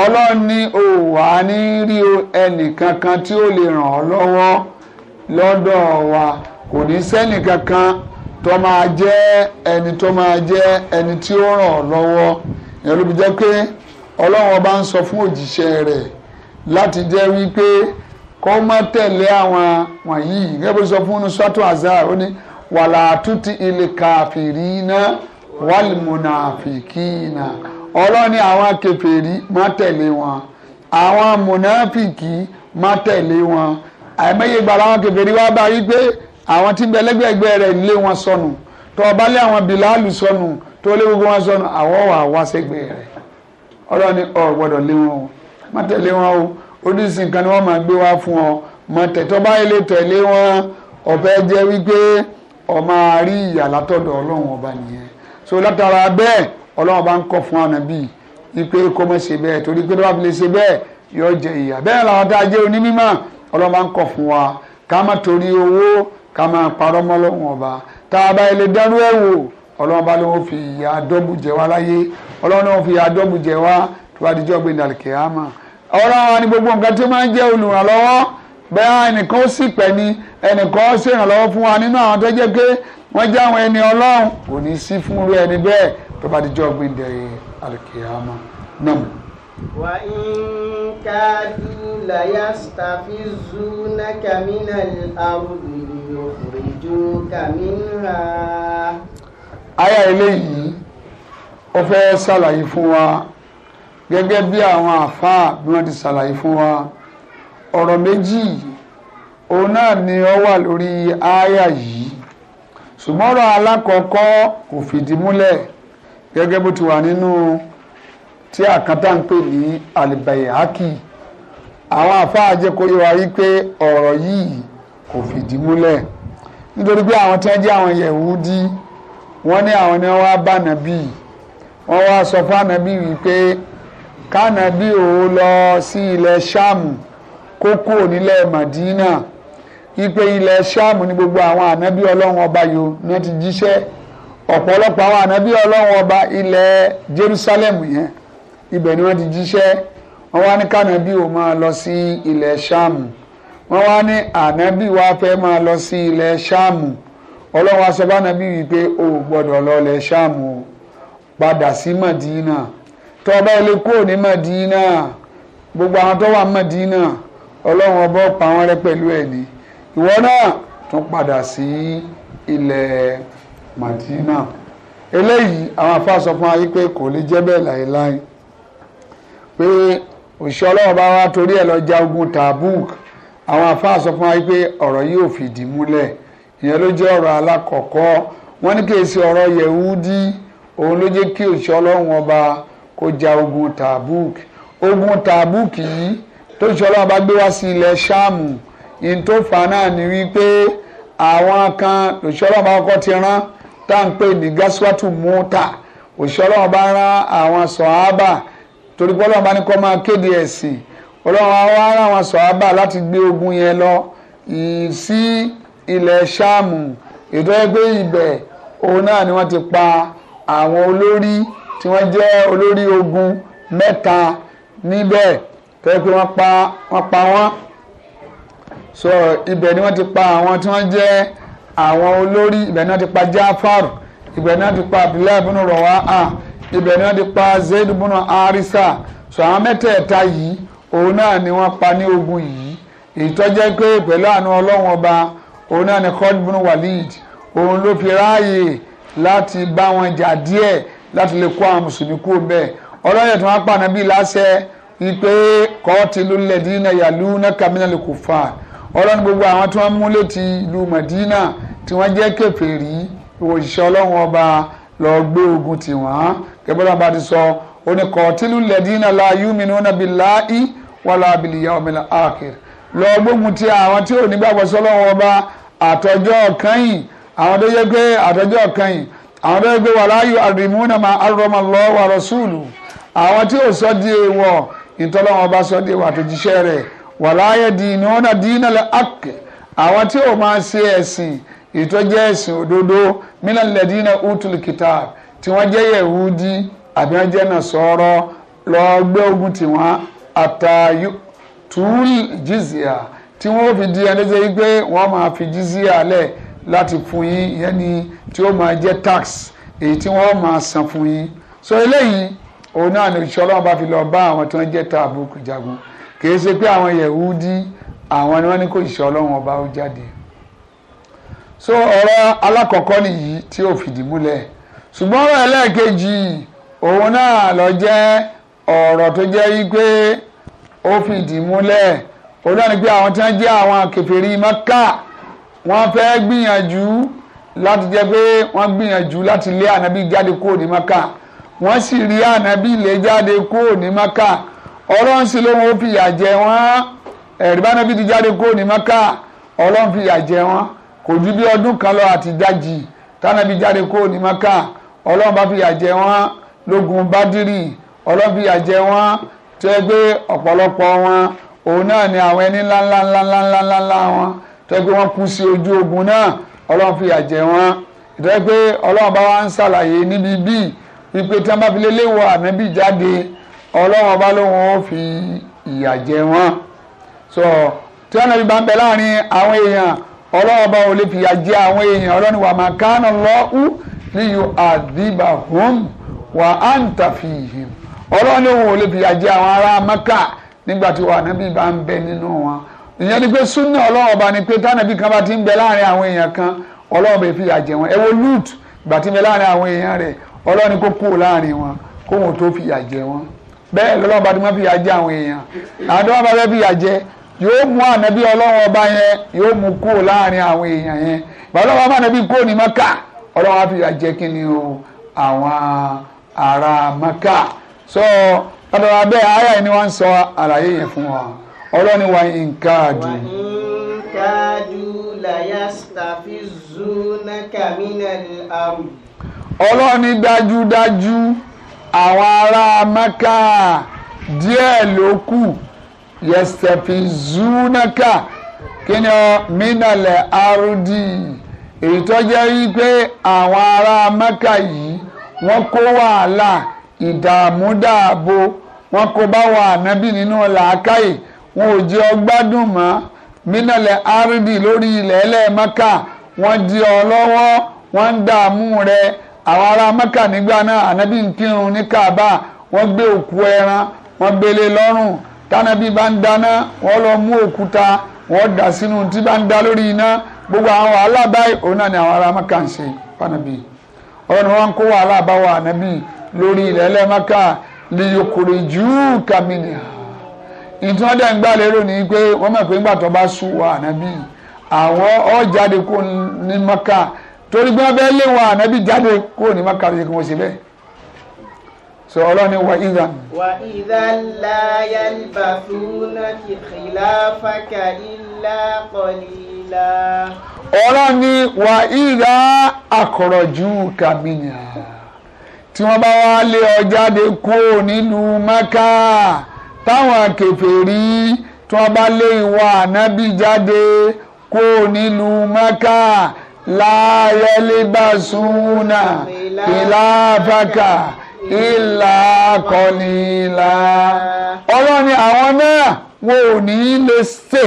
ọlọ́run ní o wà ní rí ẹnìkankan tí ó lè ràn ọ́ lọ́wọ́ lọ́dọ̀ wa kò ní sẹ́nìkankan tó máa jẹ́ ẹni tó máa jẹ́ ẹni tí ó ràn ọ́ lọ́wọ́ ìyẹn ló fi jẹ́ pé ọlọ́run ọba ń sọ fún òjíṣẹ́ rẹ̀ láti jẹ́ wípé kó má tẹ̀lé àwọn wọ̀nyí gẹ́gẹ́ bó sọ fún sọ́tò azar ó ní wàlà àtúntì ilẹ̀ kàfìrí náà wàlmùnàfìkìnà ọlọ́ni àwọn kèfèrí má tẹ̀lé wọn àwọn mùnàfìkì má tẹ̀lé wọn àìmọye gbàrà àwọn kèfèrí wá bá yí àwọn tí ń bẹ nílé wọn sọnù tó ọba lé àwọn bìláàlù sọnù tó lé gbogbo wọn sọnù àwọn wà wá sẹ́gbẹ̀ẹ́ rẹ̀ ọlọ́run ni ọ̀ gbọ́dọ̀ lé wọn o má tẹ̀lé wọn o oríṣi nǹkan ni wọ́n máa gbé wá fún ọ mọ tẹ̀tọ́ báyìí lè tẹ̀lé wọn ọ̀fẹ́ jẹ́ wípé ọ máa rí ìyà látọ̀dọ̀ ọlọ́run ọba nìyẹn so látara bẹ́ẹ̀ ọlọ́run bá ń kọ́ fún ànábì wípé kó má ṣe bẹ́ẹ̀ torí pé tó bá fi lè ṣe bẹ́ẹ̀ yóò jẹ ìyà bẹ́ẹ̀ làwọn tá a jẹ́ onímọ̀ ọlọ́run bá ń kọ́ fún wa ká má torí owó Kama máa parọ́ mọ́ lọ́wọ́n ọba tá a bá ilé dánú ẹ̀ wò ọlọ́run bá lóun fi ìyà dọ́bù jẹ wá láyé ọlọ́run náà fi ìyà dọ́bù jẹ wá tó bá dijọ́ gbé dàlùkẹ́ àmà ọ̀rọ̀ àwọn ni gbogbo nǹkan tí ó máa ń jẹ́ olùrànlọ́wọ́ bẹ́ẹ̀ ẹnìkan ó sì pẹ̀ ni ẹnìkan ó ṣèrànlọ́wọ́ fún wa nínú àwọn tó jẹ́ pé wọ́n jẹ́ àwọn ẹni ọlọ́run kò ní sí fún irú ẹni bẹ́ẹ̀ tó bá dijọ́ gbé dàlùkẹ́ àmà náà. وإن كادوا ليستفزونك من الأرض ليخرجوك منها àyà eléyìí ó fẹ́ ṣàlàyé fún wa gẹ́gẹ́ bí àwọn àfáà bí wọ́n ti ṣàlàyé fún wa ọ̀rọ̀ méjì òun náà ni ó wà lórí àyà yìí ṣùgbọ́n ọ̀rọ̀ alákọ̀ọ́kọ́ kò fìdí múlẹ̀ gẹ́gẹ́ bó ti wà nínú tí àkàtà ń pè ní alibayahaki àwọn àfáà jẹ́ kó yé wa wípé ọ̀rọ̀ yìí kò fìdí múlẹ̀ nítorí pé àwọn tí wọ́n jẹ́ àwọn yẹ̀wúdí wọ́n ní àwọn ni wọ́n wá bá nàbí wọ́n wá sọ fún ànàbí wípé kánàbí ò lọ sí ilẹ̀ ṣáàmù kó kúrò nílẹ̀ màdínà wípé ilẹ̀ ṣáàmù ni gbogbo àwọn ànàbí ọlọ́run ọba yòó náà ti jíṣẹ́ ọ̀pọ̀lọpọ̀ àwọn ànàbí ọlọ́run ọba ilẹ̀ Jerusalem yẹn ibẹ̀ ni wọ́n ti jíṣẹ́ wọ́n wá ní kànábì ò máa lọ sí ilẹ̀ ṣáàmù wọ́n wá ní ànábì wa fẹ́ máa lọ sí ilẹ̀ ṣáàmù ọlọ́wọ́ asọ́bá wípé o ò gbọ́dọ̀ lọ ilẹ̀ ṣáàmù o padà sí mọ̀dínà tọ́ ọba ilé kúrò ní mọ̀dínà gbogbo àwọn tó wà mọ̀dínà ọlọ́run ọba ọ̀pá wọn rẹ pẹ̀lú ẹ̀ ní ìwọ náà tún padà sí ilẹ̀ mọ̀dínà eléyìí àwọn afáàsọ fún ayé pé kò lè jẹ́ bẹ́ẹ̀ láéláé pé òṣìṣẹ́ ọlọ́run bá wá torí ẹ̀ lọ ja ogun Tabuk àwọn àfáà sọ fún wa pé ọ̀rọ̀ yìí ò fìdí múlẹ̀ ìyẹn ló jẹ́ ọ̀rọ̀ alákọ̀ọ́kọ́ wọ́n ní kèsì ọ̀rọ̀ Yehudi òun ló jẹ́ kí òṣìṣẹ́ ọlọ́run ọba kó ja ogun Tabuk ogun Tabuk yìí tó ṣe ọlọ́run bá gbé wá sí ilẹ̀ Ṣáàmù in tó fà náà ni wípé àwọn kan òṣìṣẹ́ ọlọ́run bá kọ́kọ́ ti rán tá ní gásíwátù mọ́tà òṣìṣẹ́ ọlọ́run bá rán àwọn sọ̀hábà torí pé ọlọ́run bá ní kọ́ máa kéde ẹ̀sìn ọlọ́run á wá ara wọn sọ̀hábà láti gbé ogun yẹn lọ sí ilẹ̀ ṣáàmù ètò ẹgbẹ́ ibẹ̀ òun náà ni wọ́n ti pa àwọn olórí tí wọ́n jẹ́ olórí ogun mẹ́ta níbẹ̀ tẹ́ pé wọ́n pa wọ́n pa wọ́n so ibẹ̀ ni wọ́n ti pa àwọn tí wọ́n jẹ́ àwọn olórí ibẹ̀ ni ti pa Jafar ibẹ̀ ni wọ́n ti pa Abdullahi ibn Rawaha ibẹ̀ ni wọ́n ti pa Zaid bùnà Arisa sọ àwọn mẹ́tẹ̀ẹ̀ta yìí òun náà ni wọ́n pa ní ogun yìí ìtọ́jẹ́ pé pẹ̀lú àánú ọlọ́run ọba òun náà ni Khalid bùnà Walid òun ló fi ráàyè láti bá wọn jà díẹ̀ láti lè kó àwọn mùsùlùmí kú bẹ́ẹ̀ ọlọ́yẹ̀ tí wọ́n pa ànábì láṣẹ ipe kọ́ọ̀tìlú lẹ́dínà yàlú náà minal kufar ọlọ́ni gbogbo àwọn tí wọ́n mú létí ìlú Mẹ̀dínà tí wọ́n jẹ́ kèfèrí òṣìṣẹ́ ọlọ́run ọba lọ gbé ogun tì wọ́n kẹ́bọ́dà bá ti sọ ó ní kọ́tìlù lẹ́dínà la yu'minuna billahi wala bil yawmil akhir lọ gbógun ti àwọn tí ò nígbàgbọ́ sọ́lọ́wọ́ ọba àtọ́jọ́ kẹ́yìn àwọn tó yẹ pé àtọ́jọ́ kẹ́yìn àwọn tó yẹ pé wala yuharrimuna ma harrama Allah wa rasulu àwọn tí ò sọ di èèwọ̀ ìtọ́lọ́wọ́ ọba sọ di èèwọ̀ àtòjíṣẹ́ rẹ̀ wala yadinuna dínà lẹ́ àkè àwọn tí ò máa ṣe ẹ̀sìn ìtọ́jẹ́ ẹ̀sìn òdodo mina lẹ́dínà utul kitab tí wọ́n jẹ́ yẹ̀wúdí àbí wọ́n jẹ́ nàṣọ́rọ́ lọ gbé ogun tiwọn àtàyò túl jizya tí wọ́n fi di ẹni ṣe pé wọ́n máa fi jizya lẹ̀ láti fún yín ìyẹn ni tí ó máa jẹ́ tax èyí tí wọ́n máa san fún yín so eléyìí òun náà ní ìṣọ́ ọlọ́run bá fi lọ bá àwọn tí wọ́n jẹ́ tààbùkù jagun kì í ṣe pé àwọn yẹ̀wúdí àwọn ni wọ́n ní kó ìṣọ́ ọlọ́run ọba ó jáde so ọ̀rọ̀ alákọ̀ọ́kọ́ nìyí tí ó fìdí múlẹ̀ ṣùgbọ́n ọ̀rọ̀ ẹlẹ́ẹ̀kejì òun náà lọ jẹ́ ọ̀rọ̀ tó jẹ́ wípé ó fìdí múlẹ̀ òun náà ni pé àwọn tí wọ́n jẹ́ àwọn kèfèrí Mákà wọ́n fẹ́ gbìyànjú láti jẹ́ pé wọ́n gbìyànjú láti lé ànábì jáde kúrò ní Mákà wọ́n sì rí ànábì lé jáde kúrò ní Mákà ọlọ́run sì lóun ó fìyà jẹ wọ́n ẹ̀rí bá ànábì ti jáde kúrò ní Mákà ọlọ́run fìyà jẹ wọ́n kò ju bí ọdún kan lọ àti ìdajì tánàbí jáde kó ní maka ọlọ́run bá fìyà jẹ wọ́n lógun bádìrì ọlọ́run fìyà jẹ wọ́n tó yẹ pé ọ̀pọ̀lọpọ̀ wọn òun náà ni àwọn ẹni ńláńlá ńláńlá ńláńlá wọn tó yẹ pé wọ́n kú sí ojú ogun náà ọlọ́run fìyà jẹ wọ́n ìtọ́jú pé ọlọ́run bá wá ń ṣàlàyé níbi bíi wípé tí wọ́n bá fi lé léwọ̀ ànábì jáde ọlọ́run bá lóun ó fi ìyà jẹ wọ́n so tí wọ́n náà fi bá ń bẹ láàrin àwọn èèyàn ọlọ́run ọba ò lè fìyà jẹ àwọn èèyàn ọlọ́run wà máa kánà lọ́hù níyù àdìbà hom wà á ń tàfihìm ọlọ́run òun ò lè fìyà jẹ àwọn ará mẹ́kà nígbà tí wà níbi bá ń bẹ nínú wọn ìyẹn ni pé súnà ọlọ́run ni pé tánàbí kan bá ti ń bẹ láàrin àwọn èèyàn kan ọlọ́run bẹ jẹ wọn ẹ lut ìgbà tí ń bẹ láàrin àwọn èèyàn rẹ̀ ọlọ́run kó kúrò láàrin wọn kóhun tó fìyà jẹ wọn bẹ́ẹ̀ lọ́lọ́run ti mọ́ fìyà jẹ àwọn èèyàn àdó yóò mú ànábì ọlọ́run ọba yẹn yóò mú kúrò láàrin àwọn èèyàn yẹn bàbá bá ànábì kúrò ní maka ọlọ́run á fi ni o àwọn ará maka sọ bàbá bẹ́ẹ̀ ara ẹni wọ́n ń sọ àlàyé yẹn fún wa ni ń káàdù. wà ń káàdù ni dájúdájú yẹsẹ̀fìzúnákà kí ni ọ mínàlẹ̀ arúdì èyí tó jẹ́ wípé àwọn ará mẹ́kà yìí wọ́n kó wàhálà ìdààmú dààbò wọ́n kó bá wà nábì nínú làákàyè wọn ò jẹ́ ọgbádùn mọ́ mínàlẹ̀ arúdì lórí ilẹ̀ ẹlẹ́ẹ̀mẹ́kà wọ́n di ọ lọ́wọ́ wọ́n ń dààmú rẹ̀ àwọn ará mẹ́kà nígbà náà ànábì ń kírun ní kaaba wọ́n gbé òkú ẹran wọ́n gbélé lọ́rùn tánàbí bá ń dáná wọn lọ mú òkúta wọ́n dà sínú tí bá ń dá lórí iná gbogbo àwọn wàhálà báyìí òun náà ni àwọn ará Mẹ́kà ń ṣe fànàbí ọ̀rọ̀ ni kó wàhálà bá wà nàbí lórí ilẹ̀ ẹlẹ́mẹ́kà liyokòrè jù kàmínà ìtún ọdẹ gbà lérò ní pé wọ́n mọ̀ pé ńgbà tó bá wà nàbí àwọn kò ní torí lé so ọlọ́ni wa ìdá. wa ìdá la yalbathuna khilafaka illa qalila. ọlọ́ni wa ìdá akọ̀rọ̀jú kàmínà tí wọ́n bá wá lé ọ jáde kúrò nílùú Mákà táwọn kèfèrí tí wọ́n bá lé ìwà ànábì jáde kúrò nílùú Mákà láyẹlẹ́bàṣúnà khilafaka. ìlà kọ́ni ìlà ọlọ́ni àwọn náà wọn ò ní lè ṣe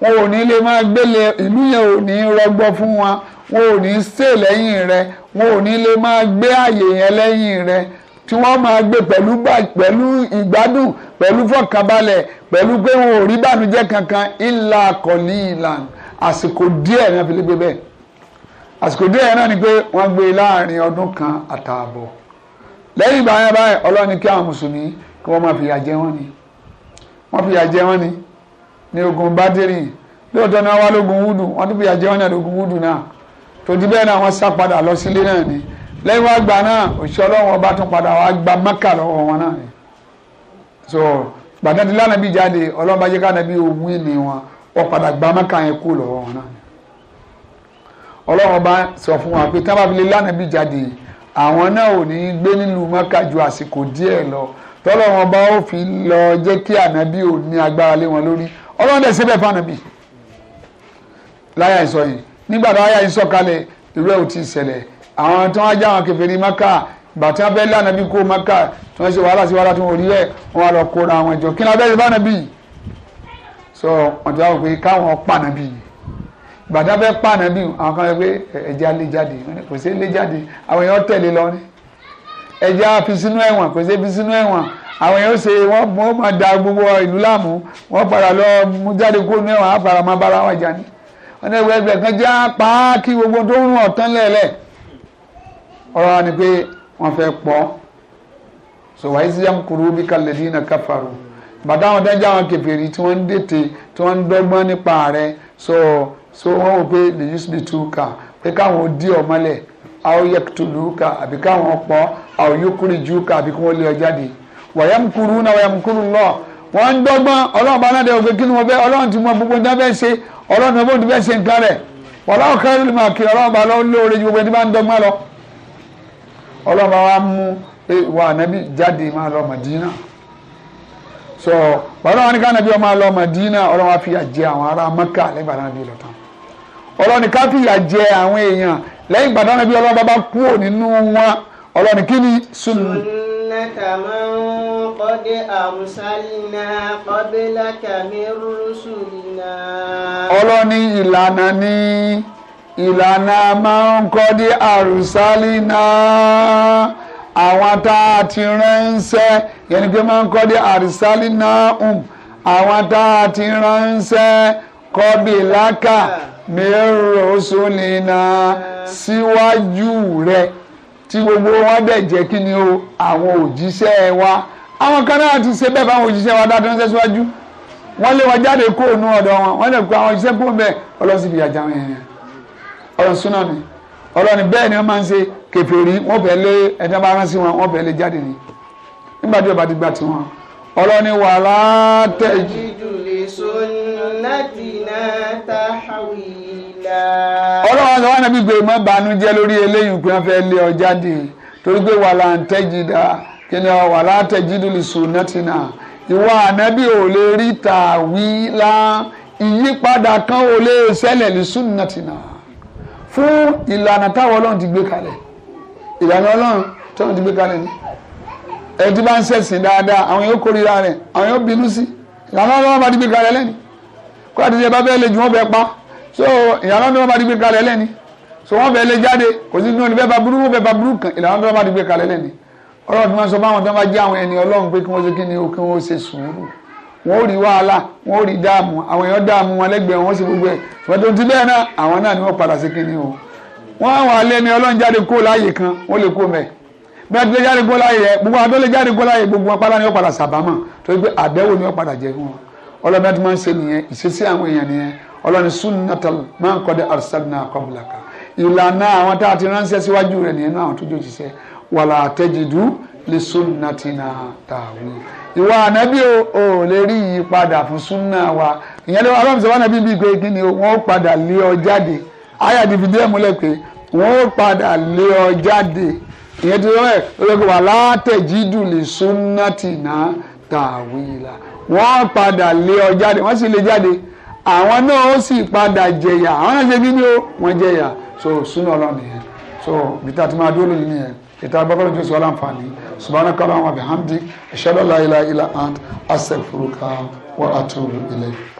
wọn ò ní lè máa gbélé ìlú yẹn ò ní rọgbọ fún wa wọn ò ní ṣe lẹ́yìn rẹ wọn ò ní lè máa gbé àyè yẹn lẹ́yìn rẹ tí wọ́n máa gbé pẹ̀lú ìgbádùn pẹ̀lú fọkànbalẹ̀ pẹ̀lú pé wọn ò rí bànújẹ́ kankan ìlà kọ̀ọ̀lì àsìkò díẹ̀ náà bẹ́ẹ̀ ni pé wọ́n gbé láàrin ọdún kan àtààbọ̀. lẹ́yìn ìgbà yẹn báyìí kí àwọn mùsùlùmí kí wọ́n máa fi jẹ wọ́n ni wọ́n fìyà jẹ wọ́n ni ní ogun bádìrì lóòótọ́ náà wá lógun wúdù wọ́n tún fìyà jẹ wọ́n ní àdógun wúdù náà tòdí bẹ́ẹ̀ náà wọ́n sá padà lọ ni lẹ́yìn wá gbà náà òṣìṣẹ́ ọlọ́run ọba tún padà wọn ni so gbàdán jáde ọlọ́run àwọn náà ò ní gbé nílùú mọ́ká ju àsìkò díẹ̀ lọ tọ́lọ́ wọn bá ó fi lọ jẹ́ kí ànábì ò ní agbára lé wọn lórí ọlọ́run dẹ̀ síbẹ̀ fún ànábì láyà ìsọ yìí nígbà tó láyà ìsọ kalẹ̀ irú ẹ̀ ò ti ṣẹlẹ̀ àwọn tí wọ́n já àwọn kèfèrí mọ́ká ìgbà tí wọ́n fẹ́ lé ànábì kó mọ́ká tí wọ́n ṣe wàhálà sí wàhálà tí wọ́n rí ẹ̀ wọ́n á lọ kóra àwọn ìjọ kí ni abẹ́rẹ́ bá ànábì so wọ́n ti wá wò pé káwọn gbàdá fẹ́ pàànà bí àwọn kan rẹ pé ẹja lé jáde kò sí lé jáde àwọn èèyàn tẹ̀lé lọ ní ẹja fi sínú ẹ̀wọ̀n kò sí fi sínú ẹ̀wọ̀n àwọn èèyàn ṣe wọ́n máa da gbogbo ìlú láàmú wọ́n padà lọ mú jáde kó ní ẹ̀wọ̀n àfàrà máa bára wọn jà ní. wọn ní ẹgbẹ́ kan já pa á kí gbogbo tó ń rún ọ̀tán lẹ́ẹ̀lẹ́ ọ̀rọ̀ wa ni pé wọ́n fẹ́ pọ̀ so so so wọ́n wò pé lè yusuf tu ka pé káwọn dí ọ mọ́lẹ̀ aoyekutulu ka àbí káwọn pọ̀ aoyekuri ju ka àbí kí wọ́n lé ọ jáde wàyàmukuru náà wàyàmukuru lọ wọ́n ń dọ́gbọ́n ọlọ́run bá náà dẹ̀ kí ni wọ́n fẹ́ ọlọ́run ti mọ gbogbo ní abẹ́ ṣe ọlọ́run náà bóun ti fẹ́ ṣe nǹkan rẹ̀ wọ́n láwọn kan lè kí ọlọ́run bá lọ lóore ju gbogbo ẹni bá ń dọ́gbọ́n lọ ọlọ́run bá wa mú wa ànábì jáde máa lọ Màdínà so ọlọ́run ní ká ànábì ọ máa lọ Màdínà ọlọ́run wa fi ọlọ́ni ká fìyà jẹ àwọn èèyàn lẹ́yìn ìgbà náà bí ọlọ́run bá kúrò nínú wọn ọlọ́ni kí ni sùnù. sunnata man qad arsalna qablaka min rusulina. ọlọ́ni ìlànà ni ìlànà man qad arsalna àwọn tá a ti ránṣẹ́ yẹn ni pé man qad arsalna um àwọn tá a ti ránṣẹ́ kọ́bìlákà. Yeah mẹ́rọ̀ọ́sọ́nìna síwájú rẹ tí gbogbo wọn dẹ̀ jẹ́ kí ni o àwọn òjíṣẹ́ wa àwọn kan náà ti ṣe bẹ́ẹ̀ báwọn òjíṣẹ́ wa dáadáa ń ṣe síwájú wọ́n lé wọn jáde kó nu ọ̀dọ̀ wọn wọ́n lè kó àwọn òjíṣẹ́ kó bẹ́ẹ̀ ọlọ́sìn ìyá jáwé yẹn ọlọ́run súná ni ọlọ́run bẹ́ẹ̀ ni wọ́n máa ń ṣe kèfèrí wọ́n fẹ́ lé ẹ̀dá bá rán sí wọn wọ́n fẹ́ lé jáde ni nígbà tí ó bá ti gbà tiwọn ọlọ́ni wà látẹ̀jì. ìjùlẹ̀ sọ́nà ọlọ́run lọ́wọ́ nàbí gbé mọ́ banújẹ́ lórí eléyìí pé wọ́n fẹ́ lé ọ jáde torí pé wàhálà ń kíni ọ wàhálà tẹ́jì dùn sùnátìnà ìwọ ànábì ò lè rí tàwí lá ìyípadà kan ò lè ṣẹlẹ̀ lè sùnátìnà fún ìlànà táwọn ọlọ́run ti gbé kalẹ̀ ìlànà ọlọ́run táwọn ti gbé kalẹ̀ ni ẹ ti bá ń ṣẹ̀sìn dáadáa àwọn yóò kórìíra rẹ̀ àwọn yóò bínú sí ìlànà ọlọ́run bá ti gbé kalẹ̀ lẹ́nu kó àtijọ́ bá bẹ́ẹ̀ lè jù wọ́n bẹ́ẹ̀ pa so ìyàrá ni wọ́n bá ti gbé kalẹ̀ lẹ́ni so wọ́n bẹ̀ẹ́ lé jáde kò sí níwọ̀n bẹ́ẹ̀ bá burú wọ́n bẹ́ẹ̀ bá burú kan ìlànà tó bá ti gbé kalẹ̀ lẹ́ni ọlọ́run tí wọ́n sọ báwọn tó bá jẹ́ àwọn ẹni ọlọ́run pé kí wọ́n ṣe kí ni o kí wọ́n ṣe sùúrù wọ́n ò rí wàhálà wọ́n ò rí dààmú àwọn èèyàn dààmú wọn lẹ́gbẹ̀ẹ́ wọn sì gbogbo ẹ̀ ṣùgbọ́n ti bẹ́ẹ̀ náà àwọn náà ni wọ́n padà ṣe kí ni o wọ́n àwọn alẹ́ ni ọlọ́run jáde kó láàyè kan wọ́n lè kó mẹ́ẹ̀ bí wọ́n ti lè jáde kó láàyè rẹ̀ gbogbo àwọn tó lè jáde kó láàyè gbogbo wọn padà ni wọ́n padà ṣàbámọ̀ torí pé àbẹ̀wò ni wọ́n padà jẹ́ fún wọn ọlọ́run tí ń ṣe nìyẹn ìṣesí àwọn èèyàn nìyẹn ọlọ́ni sunnata man qad arsalna qablaka ìlànà àwọn tá a ti ránṣẹ́ síwájú rẹ̀ nìyẹn náà àwọn tó jò jíṣẹ́ wàlà tajidu li sunnatina tahwila ìwà ànábì ò lè rí ìyípadà fún súnà wa ìyẹn ló ọlọ́run sọ wọn ànábì bíi pé kí ni wọn ó padà lé ọ jáde ayé àdìbí díẹ̀ múlẹ̀ pé wọn ó padà lé ọ jáde ìyẹn ti rẹ olóògùn wà látẹ̀jídù lè súnà tìǹà tàwílà wọn ó padà lé ọ jáde wọn sì lè jáde àwọn náà ó sì padà jẹyà àwọn náà ṣe kíni o wọ́n jẹyà so súnà ọlọ́run yẹn so bìtà tí máa dúró lónìí yẹn ìta abakọ́lọ́ tó sọ aláǹfààní subhanaka allahumma bihamdik ashhadu an la ilaha illa ant astaghfiruka wa atubu ilayk.